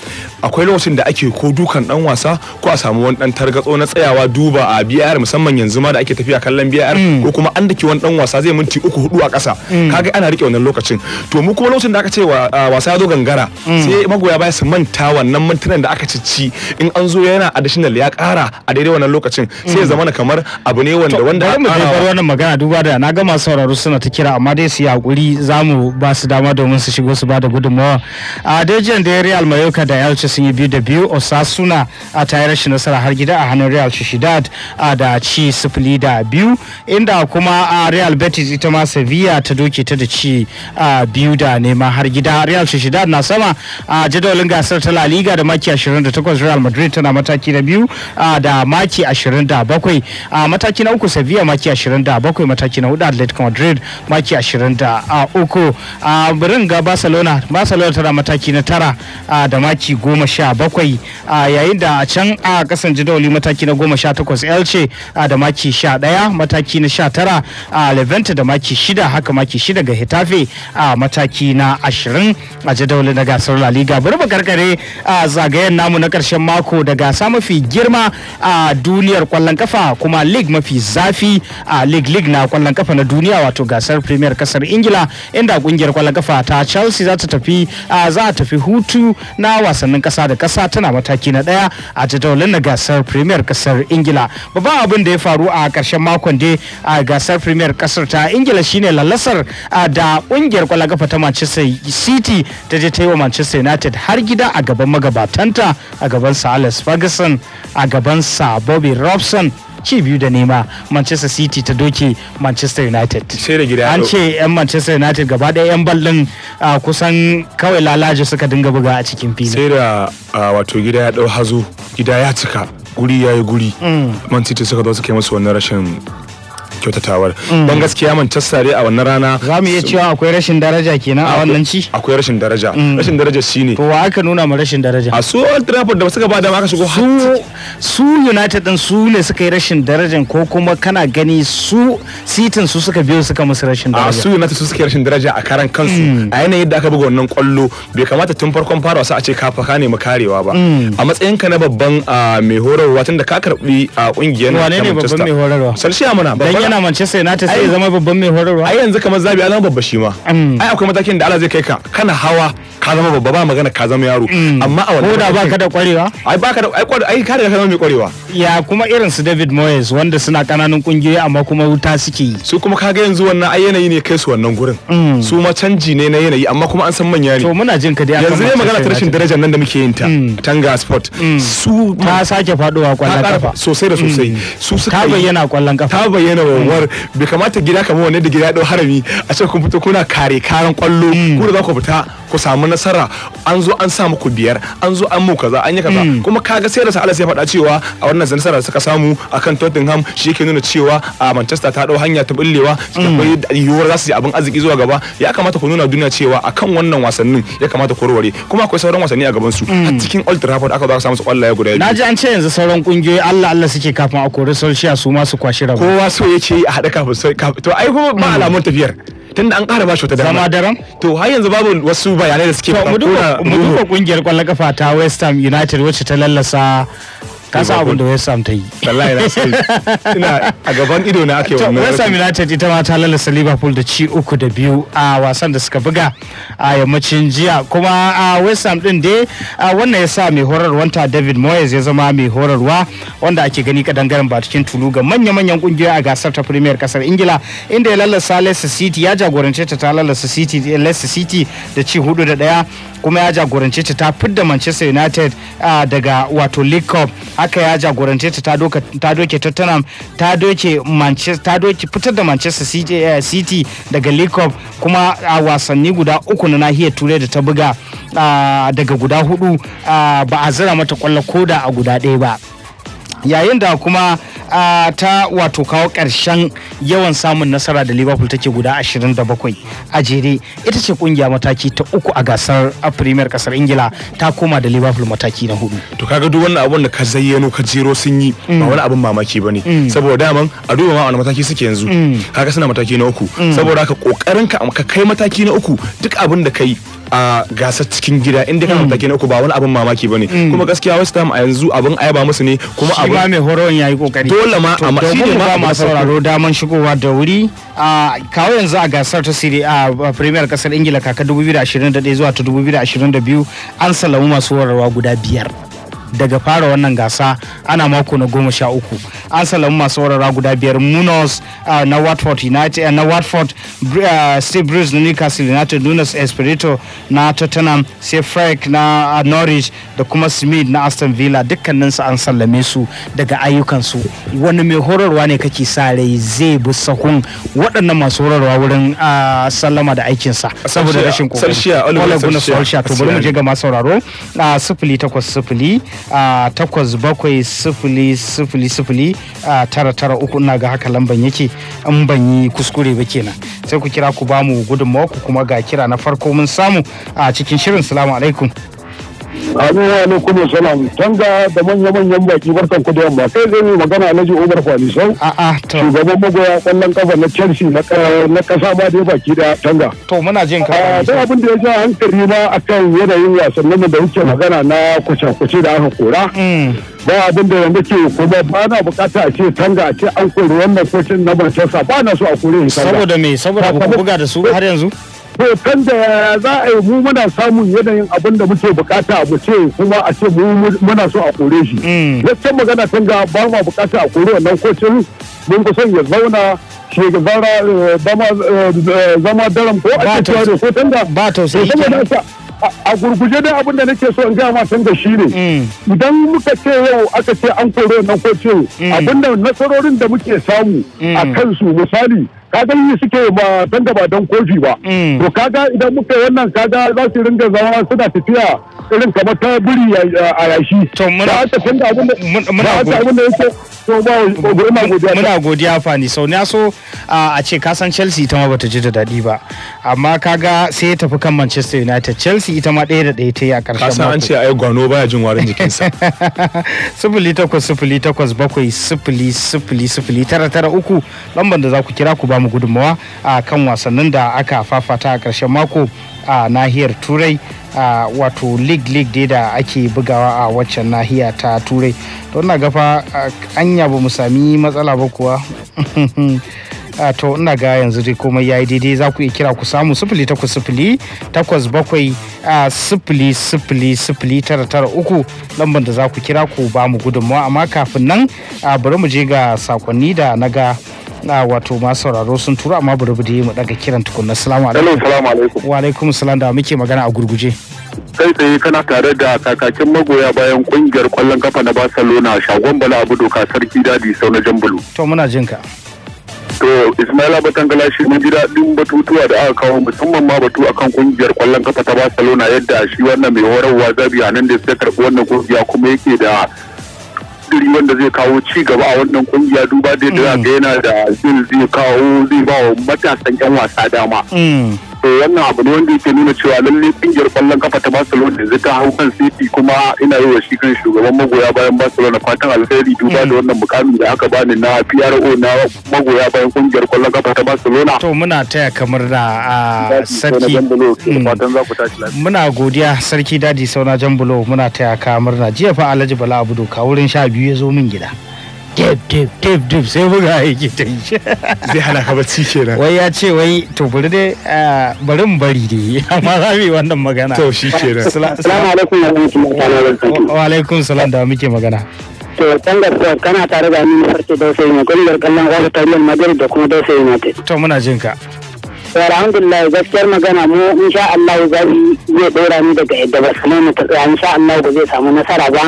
akwai lokacin da ake ko dukan dan wasa ko a samu wani dan targatso na tsayawa duba a B.I.R musamman yanzu ma da ake tafiya kallon B.I.R. Mm. ko kuma an dake wani dan wasa zai minti uku hudu a kasa mm. kaga ana rike wannan lokacin to mu kuma lokacin da aka ce wasa ya zo gangara mm. sai magoya baya su manta wannan mintunan da aka cici in an zo yana additional ya kara a daidai wannan lokacin sai ya zamana kamar abu ne wanda wanda ya mu bar wannan magana duba da na gama sauraro suna ta kira amma dai su yi hakuri zamu ba su dama domin su shigo su ba da gudunmawa a dejan da real Mallorca da yalce ce sun yi biyu da biyu osasuna a tayar rashin nasara har gida a hannun real sociedad a da ci sifili da biyu inda kuma a real betis ita ma sevilla ta doke ta da ci a biyu da nema har gida real sociedad na sama a jadawalin gasar ta la liga da maki 28 real madrid tana mataki na biyu a da maki 27 a mataki na uku sevilla maki 27 mataki na hudu atletico madrid maki 23 a uku birin ga barcelona barcelona tana mataki na tara da maki 10 goma sha bakwai a yayin da can a kasan jadawali mataki na goma sha takwas elce da maki sha daya mataki na sha tara a levanta da maki shida haka maki shida ga hitafe a mataki na ashirin a jadawali na gasar la liga bari mu karkare a zagayen namu na karshen mako da gasa mafi girma a duniyar kwallon kafa kuma league mafi zafi a league league na kwallon kafa na duniya wato gasar premier kasar ingila inda kungiyar kwallon kafa ta chelsea za ta tafi za ta tafi hutu na wasannin ƙasa da kasa tana mataki na ɗaya a jadawalin na gasar premier kasar ingila babban abin da ya faru a karshen makon dai a gasar premier kasar ta ingila shine lalasar da kungiyar kwalagafa ta manchester city ta je ta yi wa manchester united har gida a gaban magabatanta a gaban sa alex ferguson a gaban sa bobby robson ci biyu da nema manchester city ta doke manchester united an ce yan manchester united gaba ɗaya yan ballin kusan kawai lalaje suka dinga buga a cikin fili sai da wato gida ya ɗau hazo gida ya cika guri ya yi guri mm. man city suka zo suka yi masu wannan rashin kyautatawar don gaskiya Manchester tassare a wannan rana za mu iya cewa akwai rashin daraja kenan a wannan ci akwai rashin daraja mm. rashin daraja shine to wa aka nuna ma rashin daraja a su Old Trafford da suka ba da aka shigo su su United din su ne suka yi rashin darajan ko kuma kana gani su sitin su suka biyo suka musu rashin daraja a su United su suka yi rashin daraja a karan kansu mm. a yanayin yadda aka buga wannan kwallo bai kamata tun farkon fara wasa a ce ka faka ne mu karewa ba mm. a matsayinka na babban ah, mai horarwa tunda ka karbi a ah, kungiyar Manchester wane ne babban mai horarwa Solskjaer muna babban yana Manchester United sai zama babban mai horarwa ai yanzu kamar zabi ya zama babba shi ma mm. ai akwai matakin da Allah zai kai ka kana hawa ka zama babba ba magana ka zama yaro mm. amma a wannan koda baka da kwarewa ai baka da ai ka riga ka zama mai kwarewa ya kuma irin su David Moyes wanda suna kananan kungiyoyi amma kuma wuta suke yi su kuma kaga yanzu wannan ai yanayi ne kai su wannan gurin mm. su ma canji ne na yanayi amma kuma an san manya ne to muna jin ka dai yanzu ne magana ta rashin darajar nan da muke yin ta tanga sport su ta sake faduwa kwallon kafa sosai da sosai su suka ta bayyana kwallon kafa ta bayyana yawar bai kamata gida kamar wanne da gida ɗau harami a cikin kuma kuna kare karan kwallo mm. kuma za ku fita ku samu nasara an zo an sa muku biyar an zo an muku kaza an yi kaza mm. kuma kaga sai da sa Allah ya faɗa cewa a wannan nasara suka samu akan Tottenham shi yake nuna cewa a Manchester ta dau hanya ta bullewa mm. akwai yiwuwar za su yi abin arziki zuwa gaba ya kamata ku nuna duniya cewa akan wannan wasannin ya kamata ku warware kuma akwai sauran wasanni a gaban su mm. a cikin Old Trafford aka zo aka samu su kwallaye guda biyu naji an ce yanzu sauran kungiyoyi Allah Allah suke kafin a kori Solskjaer su ma su kwashi rabu kowa so yake a haɗa kafin to ai kuma ba alamun tafiyar tunda an ƙara ba shi wata dama. To har yanzu babu wasu bayanai da suke mu duba kungiyar kwallon kafa ta West Ham United wacce ta lallasa ka sa abin da West Ham ta yi wallahi na sai ina a gaban ido na ake wannan West Ham United ita ma ta lalasa Liverpool da ci uku da biyu a wasan da suka buga a yammacin jiya kuma a West Ham din dai wannan ya sa mai ta David Moyes ya zama mai horarwa wanda ake gani kadangaren ba cikin tulu ga manya-manyan kungiyoyi a gasar ta Premier kasar Ingila inda ya lalasa Leicester City ya jagorance ta ta lalasa City Leicester City da ci hudu da daya kuma ya jagorance ta ta fidda Manchester United daga wato League Cup aka ya jagorance ta ta doke tottenham ta ta doke fitar da manchester city eh, daga league kuma a wasanni guda uku na nahiyar turai da ta buga ah, daga guda hudu ah, ba a zira mata kwallo koda a guda ɗaya ba yayin da kuma ta wato kawo ƙarshen yawan samun nasara da liverpool take guda 27 a jere ita ce kungiya mataki ta uku a gasar a premier kasar ingila ta koma da liverpool mataki na hudu to kaga duk wannan abun da ka zayyano ka jero sun yi ba mm. wani abun mamaki bane mm. saboda daman a duba ma wani mataki suke yanzu mm. kaga suna mataki na uku saboda haka kokarin ka kai mataki na uku duk abun da kai a gasar cikin gida inda kan hmm. mataki na uku ba wani abin mamaki bane hmm. kuma gaskiya West Ham a yanzu abin ayaba musu ne kuma abin shi ba mai horon yayi kokari dole ma a shi ne ma ma sauraro daman shigowa da wuri a kawo yanzu a gasar ta Serie A Premier kasar Ingila kaka 2021 zuwa ta 2022 an salamu masu horarwa guda biyar daga fara wannan gasa ana mako na goma sha uku an salamu masu warara guda biyar munos uh, na watford united uh, na watford uh, steve bruce na newcastle united nunes espirito na tottenham sai frank na norwich da kuma smith na aston villa su an sallame su daga ayyukansu wani mai horarwa ne kake sa rai zai bi sahun waɗannan masu horarwa wurin sallama da aikinsa saboda rashin kokari. Sarsiya, Ole Gunnar Solskjaer. To bari mu je ga masu sauraro. Sifili takwas sifili a takwas bakwai sifili sifili sifili tara tara uku ina ga haka lamban yake in ban yi kuskure ba kenan sai ku kira ku bamu gudunmawa ku kuma ga kira na farko mun samu a cikin shirin salamu alaikum Amin wa alaikum salam. Tanga da manya-manyan baki barkan ku da yamma. Kai zai magana na Umar Falisau. A'a to. Shugaban magoya kwallon kafa na Chelsea na kasa ba da baki da tanga. To muna jin ka. Da ah, abin da ya ja hankali na akan yanayin wasannin da yake magana na kuce-kuce da aka kora. Mm. ba abin da yanzu ke kuma ba na bukata a ce tanga a ce an kori wannan kocin na Manchester ba na so a kore saboda me saboda buga da su har yanzu kan da za a yi mu muna samun yanayin abin da muke bukata mu ce kuma a ce mu muna so a kore shi mm. wacce magana tun ga ba ma bukata a kore wannan kocin mun kusan ya zauna shi eh, eh, eh, zama daram ko a ce cewa ko tun da ba tausayi a gurguje dai abin da nake so in ga ma san da shi ne mm. idan muka ce yau aka ce an kore wannan kocin mm. abin da nasarorin da muke samu a kansu misali kaga yi suke ba san gaba don kofi ba mm. to kaga idan muka wannan kaga za su ringa zama suna tafiya irin kamar ta buri a yashi to muna muna godiya muna godiya fani sau na so a ce ka san Chelsea ita ma bata ji da dadi ba amma kaga sai ya tafi kan Manchester United Chelsea ita ma ɗaya da ɗaya ta yi a ƙarshen mako kasan an ce ai gwano baya jin warin jikinsa sifili takwas sifili takwas bakwai sifili sifili sifili tara tara uku lambar da za ku kira ku ba mu samu gudunmawa a kan wasannin da aka fafata a ƙarshen mako a nahiyar turai a wato league league dai da ake bugawa a waccan nahiya ta turai to ina gafa anya ba mu sami matsala ba kuwa to ina ga yanzu dai komai yayi daidai za ku iya kira ku samu sifili takwas sifili takwas bakwai sifili sifili sifili tara tara uku lambar da za ku kira ku ba mu gudunmawa amma kafin nan bari mu je ga sakonni da na ga na wato ma sauraro sun tura amma bari bude mu daga kiran tukunna salamu alaikum wa alaikum salam da muke magana a gurguje kai tsaye kana tare da kakakin magoya bayan kungiyar kwallon kafa na Barcelona shagon Bala Abu Doka Sarki Dadi sau na Jambulu to muna jin ka to Ismaila Batangala shi mun ji daɗin batutuwa da aka kawo musamman ma batu akan kungiyar kwallon kafa ta Barcelona yadda shi wannan mai horarwa Zabi da ya karbi wannan kungiya kuma yake da kuduri wanda zai kawo ci gaba a wannan kungiya duba da mm. yana da zai kawo zai ba wa matasan 'yan wasa dama. Mm. to wannan abu ne wanda yake nuna cewa lalle kungiyar kwallon kafa ta Barcelona yanzu ta hau kan City kuma ina yi wa shi kan shugaban magoya bayan Barcelona fatan alheri duba da wannan mukami da aka bani na PRO na magoya bayan kungiyar kwallon kafa ta Barcelona. To muna taya kamar da sarki mm. muna godiya sarki dadi sauna Jambulo muna taya kamar na jiya fa Alhaji Bala Abudu ka wurin sha biyu ya zo min gida. tef tef tef tef sai buga yake ta yi zai hana ka bacci kenan wai ya ce wai to bari dai bari mu bari dai amma za mu yi wannan magana to shi kenan assalamu alaikum wa rahmatullahi wa alaikum salam da muke magana to tangar kana tare da ni farko da sai ne kungiyar kallon kwallo ta Madrid da kuma da sai United to muna jin ka to alhamdulillah gaskiyar magana mu insha Allah zabi zai dora ni daga yadda Barcelona ta tsaya insha Allah ba zai samu nasara ba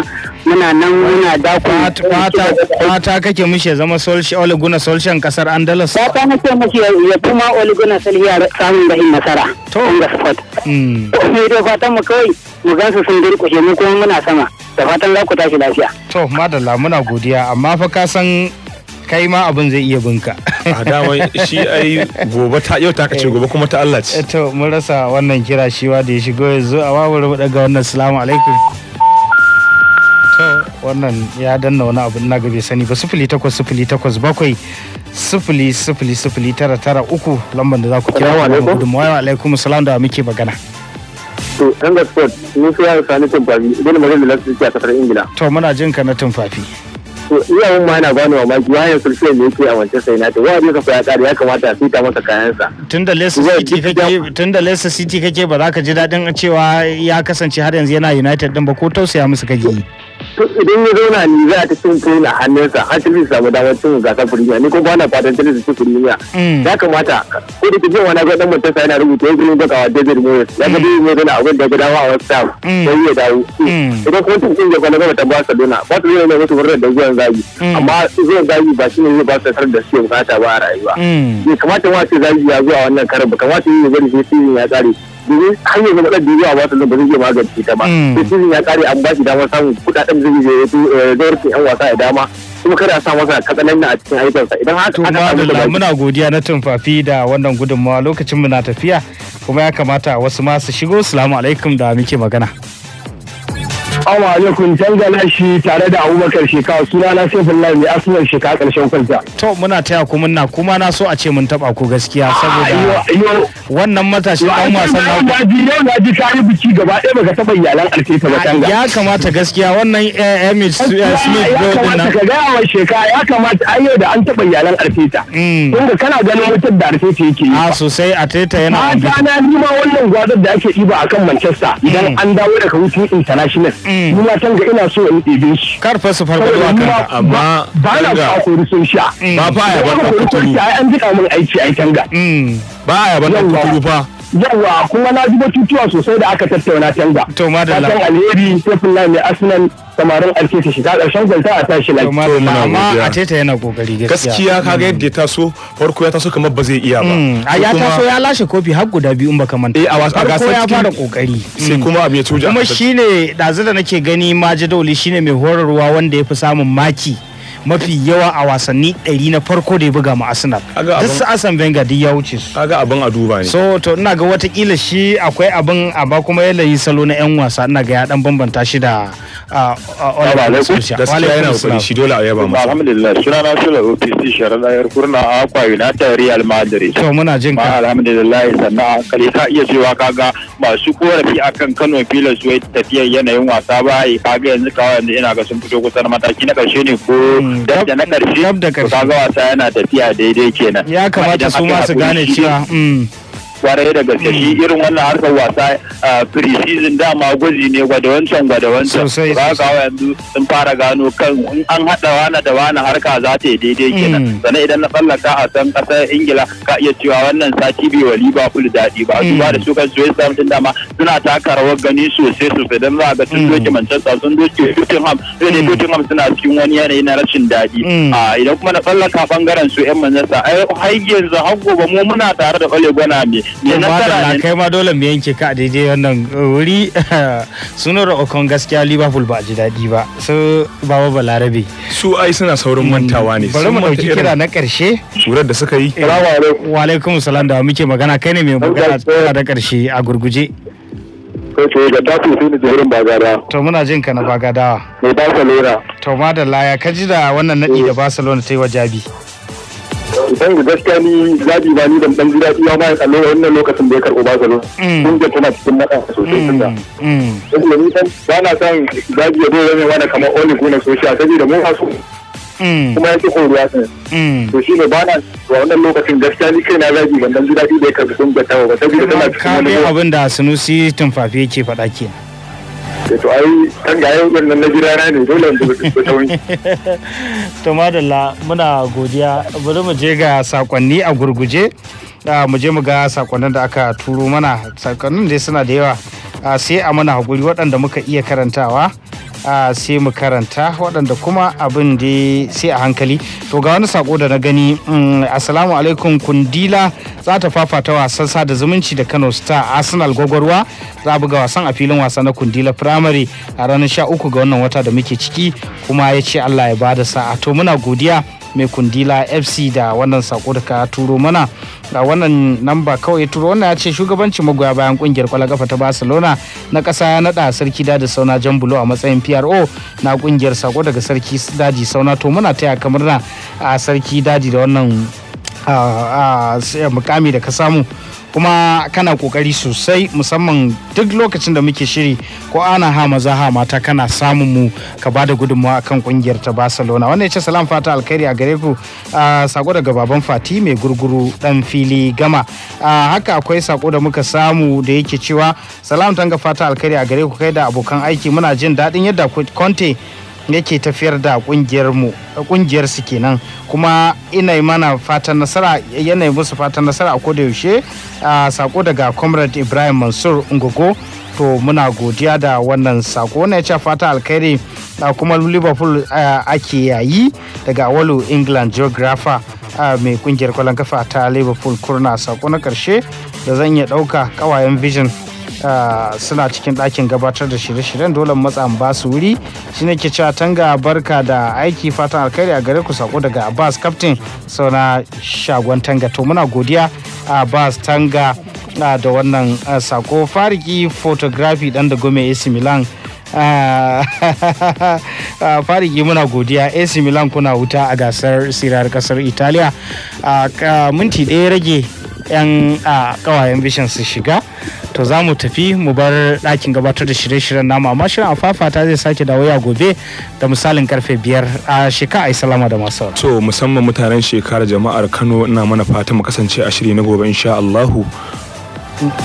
muna nan muna da ku. fata fata kake mishi zama Ole Gunnar Solskjaer kasar Andalus fata nake mishi ya kuma Ole Gunnar Solskjaer samun da nasara to ga sport mm ne da fatan mu kawai mu gansu sun durƙushe mu kuma muna sama da fatan za ku tashi lafiya to madalla muna godiya amma fa ka san kai ma abin zai iya binka a dama shi ai gobe ta yau ta kace gobe kuma ta Allah ce to mun rasa wannan kira shiwa da ya shigo yanzu a wawar mu daga wannan salamu alaikum to wannan ya danna wani abu na gabe sani ba sufuli takwas sufuli takwas bakwai sufuli sufuli sufuli tara tara uku lambar da za ku kira wa alaikum salam da muke magana to ɗan gaskiya ni sai ya sani tumfafi idan magana da lafiya ta kasar ingila to muna jin ka na tumfafi iyawun ma yana bani ya wayan sulfiyar ne yake a wancan sai na wa ne ka fara kare ya kamata su ta masa kayansa tun da Leicester City kake tun ba za ka ji daɗin cewa ya kasance har yanzu yana United din ba ko tausaya musu kake yi idan ya zauna ni za ta cin koyi na hannunsa har ta samu damar cin gasar firimiya ni ko bana fatan ta ci firimiya mm. ya kamata ko da kijin wani gwadon mutum sai yana rubuta ya gini bakawa david moyes ya ga mm. david moyes yana abin da ya gada wa wasu tam mm. sai ya dawo idan kuma tun cin jakon na gaba ta su barcelona ne mutu wurin da zuwan zagi amma zuwan zagi ba shi ne zai ba su tar da siyan bukata ba a rayuwa ya kamata ma zagi ya zuwa wannan karin ba kamata yi ne gani sai ya tsare domin hanyar da matsalar duniya ba ta ba zai iya magance ta ba hmm. sai ya kare an ba shi damar samun kudaden zai je eh, zai yan wasa da dama kuma kada a sa masa katsalan a cikin aikinsa idan haka aka samu da muna godiya na tumfafi da wannan gudunmawa lokacin mu na tafiya kuma ya kamata wasu ma su shigo salamu alaikum da muke magana ne kun canza shi tare da Abubakar shekara suna na Saifullahi ne asuwar Sheka karshen kwanta. To muna taya ku muna kuma na so a ce mun taba ku gaskiya ah, saboda wannan matashi dan wasan na ku. Yau na ji kayi biki gaba ɗaya baka taɓa iyalan Arteta ba tanga. Ya kamata gaskiya wannan eh, eh, Emmett eh, Smith go din nan. Ka ga wa ya kamata yau da an taɓa iyalan Arteta. Mm. Tunda kana ganin wutar da Arteta yake yi. Ah, a sosai teta yana. Ma ta na nima wannan gwadar da ake ɗiba a kan Manchester idan mm. an dawo daga hutun international. Mm. Mm. ni na tanga ina so in ɗebe shi kar fa su farko da kanka amma ba na fa kori sun sha mm. ba fa ya ba kori sun sha an jika mun aiki ai tanga mm. ba ya ba kori fa yawa kuma na ji batutuwa sosai da aka tattauna tanga to madalla kan alheri sai na mai asinan samarin alkesa shiga ta karshen gwalta a tashi lafiya to madalla amma a teta yana kokari gaskiya gaskiya ga hmm. yadda ya taso farko ya taso kamar ba zai iya ba hmm. a ya taso ya lashe kofi har guda biyu in baka manta eh a wasa ga sai ya fara kokari sai kuma abu ya tuja kuma shine ɗazu da nake gani ma jadawali shine mai horarwa wanda ya fi samun maki mafi yawa a wasanni ɗari na farko da ya buga ma Arsenal duk su Asan Wenger duk ya wuce su kaga abin a duba ne so to ina ga watakila shi akwai abin amma kuma yalayi salo na yan wasa ina ga ya dan bambanta shi da a ah, ah, ah, gaskiya yana kokari shi dole a yaba masa alhamdulillah suna na shula OPC sharan ayar kurna akwa United Real Madrid to muna jin ka alhamdulillah sannan kale ka iya cewa kaga masu korafi akan Kano Pilas wai tafiyar yanayin wasa ba kaga yanzu kawai yanzu ina ga sun fito kusan mataki na karshe ne ko hmm, da na karshe kaga wasa yana tafiya daidai kenan ya kamata su ma su gane cewa hmm, kwarai da gaske shi hmm. irin wannan harkar wasa pre-season dama gwaji ne gwada wancan gwada wancan ba ka yanzu sun fara gano kan an haɗa wani da wani harka za ta yi daidai kenan hmm. sannan idan na tsallaka a san ƙasar ingila ka iya cewa wannan sati bai wa liverpool daɗi ba duba hmm. da su kan suwai samtin dama suna taka rawar gani sosai sosai don za ga tun doke manchester sun doke tottenham sai dai tottenham suna cikin wani yanayi na rashin daɗi idan kuma na tsallaka bangaren su 'yan manchester ai har yanzu har gobe mu muna tare da ole gwana ne Madalla kai ma dole mu yanke ka a daidai wannan uh, wuri sunar okon gaskiya Liverpool ba a ji daɗi ba su baba balarabe. Su ai suna saurin hmm, mantawa ne. Bari mu ɗauki kira na ƙarshe. Surar da suka yi. Eh, wa alaikum salam da muke magana kai ne mai magana tsara da ƙarshe a gurguje. Kace ga tafi sai ni jihirin bagada. To muna jin ka na bagadawa. Mai ba lera. To madalla ya kaji da wannan naɗi da Barcelona ta yi wa Jabi. Idan ga gaskiya ni zabi ba ni da dan gida iya ma ya kallo wannan lokacin da ya karɓo Barcelona. Mm. Mun ga tana cikin matsala sosai tunda. Mm, mm. Saboda ni dan ba na son zabi ya dole ne wani kamar Oli social Solskjaer da mun haso kuma yake horo ya sani. To shi ne ba na wa wannan lokacin gaskiya ni kai na zabi ban dan ji daɗi da ya karɓi ga tawo ba saboda tana cikin wani. abin da Sanusi Tumfafi yake faɗa kenan. to ai kan ga yau na ne dole da to madalla muna godiya bari mu je ga sakonni a gurguje ah, mu je mu ga sakonnin da aka turo mana sakonnin dai suna da yawa ah, sai a mana haguri waɗanda muka iya karantawa sai mu karanta waɗanda kuma abin da sai a hankali to ga wani sako da na gani mm, assalamu alaikum kundila za ta fafata wasan sada zumunci da kano star arsenal gwagwarwa za buga wasan a filin wasa na kundila primary a ranar 13 ga wannan wata da muke ciki kuma ya ce allah ya bada sa'a to muna godiya mai kundila fc da wannan sako da ka turo mana a wannan namba kawai turo wannan ya ce shugabancin magoya bayan kungiyar kwallon kafa ta barcelona na kasa ya nada sarki dadi sauna jan bulo a matsayin pro na kungiyar sako daga sarki daji sauna to muna taya kamar na a sarki daji da wannan mukami da ka samu kuma kana kokari sosai musamman duk lokacin da muke shiri ko ana ha maza ha mata kana samun mu ka bada gudunmawa akan kungiyar ta Barcelona wannan ya ce salam fata alkhairi a gare ku ah, sako daga baban Fati mai gurguru dan fili gama ah, haka akwai sako da muka samu da yake cewa salam tanga fata alkhairi a gare ku kai da abokan aiki muna jin daɗin yadda Conte yake tafiyar da kungiyar mu eh, kungiyar su kenan kuma ina mana fatan nasara yana musu fatan nasara a koda yaushe a ah, sako daga comrade Ibrahim Mansur Ngogo to muna godiya da wannan sako na ce fata alkhairi kuma Liverpool eh, ake yayi daga walu England geographer ah, mai kungiyar kwallon kafa ta Liverpool kurna sako na karshe da zan iya dauka kawayen vision Ah, suna cikin ɗakin gabatar da shirye-shiryen dole matsan ba su wuri shi ne ke cewa tanga barka da aiki fatan alkhairi a gare ku sako daga abbas captain sauna shagon tanga to muna godiya abbas tanga ah, da wannan ah, sako fariki photography dan da gome ac milan fariki muna godiya ac milan kuna wuta a gasar sirar kasar italiya minti ɗaya rage 'yan kawayen bishan su shiga to za mu tafi mu bar ɗakin gabatar da shirye-shiryen namu amma shirin afafata zai sake da ya gobe da misalin karfe biyar a shekara a salama da masu to musamman mutanen shekarar jama'ar kano ina mana fata mu kasance a shiri na gobe insha allahu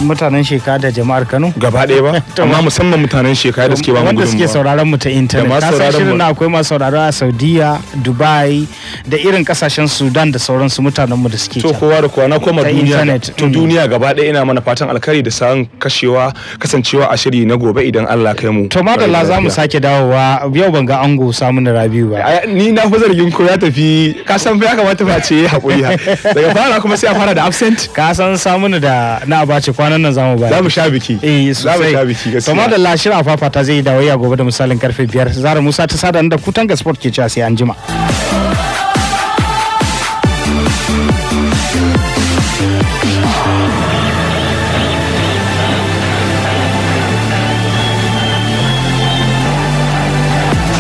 mutanen shekara da jama'ar Kano? Gaba ɗaya ba, amma musamman mutanen shekara da suke ba mu Wanda suke sauraron mu ta intanet. Ka shirin na akwai masu sauraro a Saudiya, Dubai da irin kasashen Sudan da sauransu mutanen mu da suke. To kowa da kowa na koma duniya. To mm. duniya gaba ɗaya ina mana fatan alkari da sa'an kashewa kasancewa a shiri na gobe idan Allah kai mu. To madalla za mu sake dawowa yau ban ga ango na Rabiu ba. Ni na fi zargin ko ya tafi ka san ba ya kamata ba ce hakuri ha. Daga fara kuma sai a fara da absent. Ka san samun da na ba ce kwanan nan zamu bayar. Zamu sha biki. Eh Zamu sha biki gaskiya. Kamar da lashira fafata zai yi dawaya gobe da misalin karfe 5 Zara Musa ta sada da kutan ga sport ke cewa sai an jima.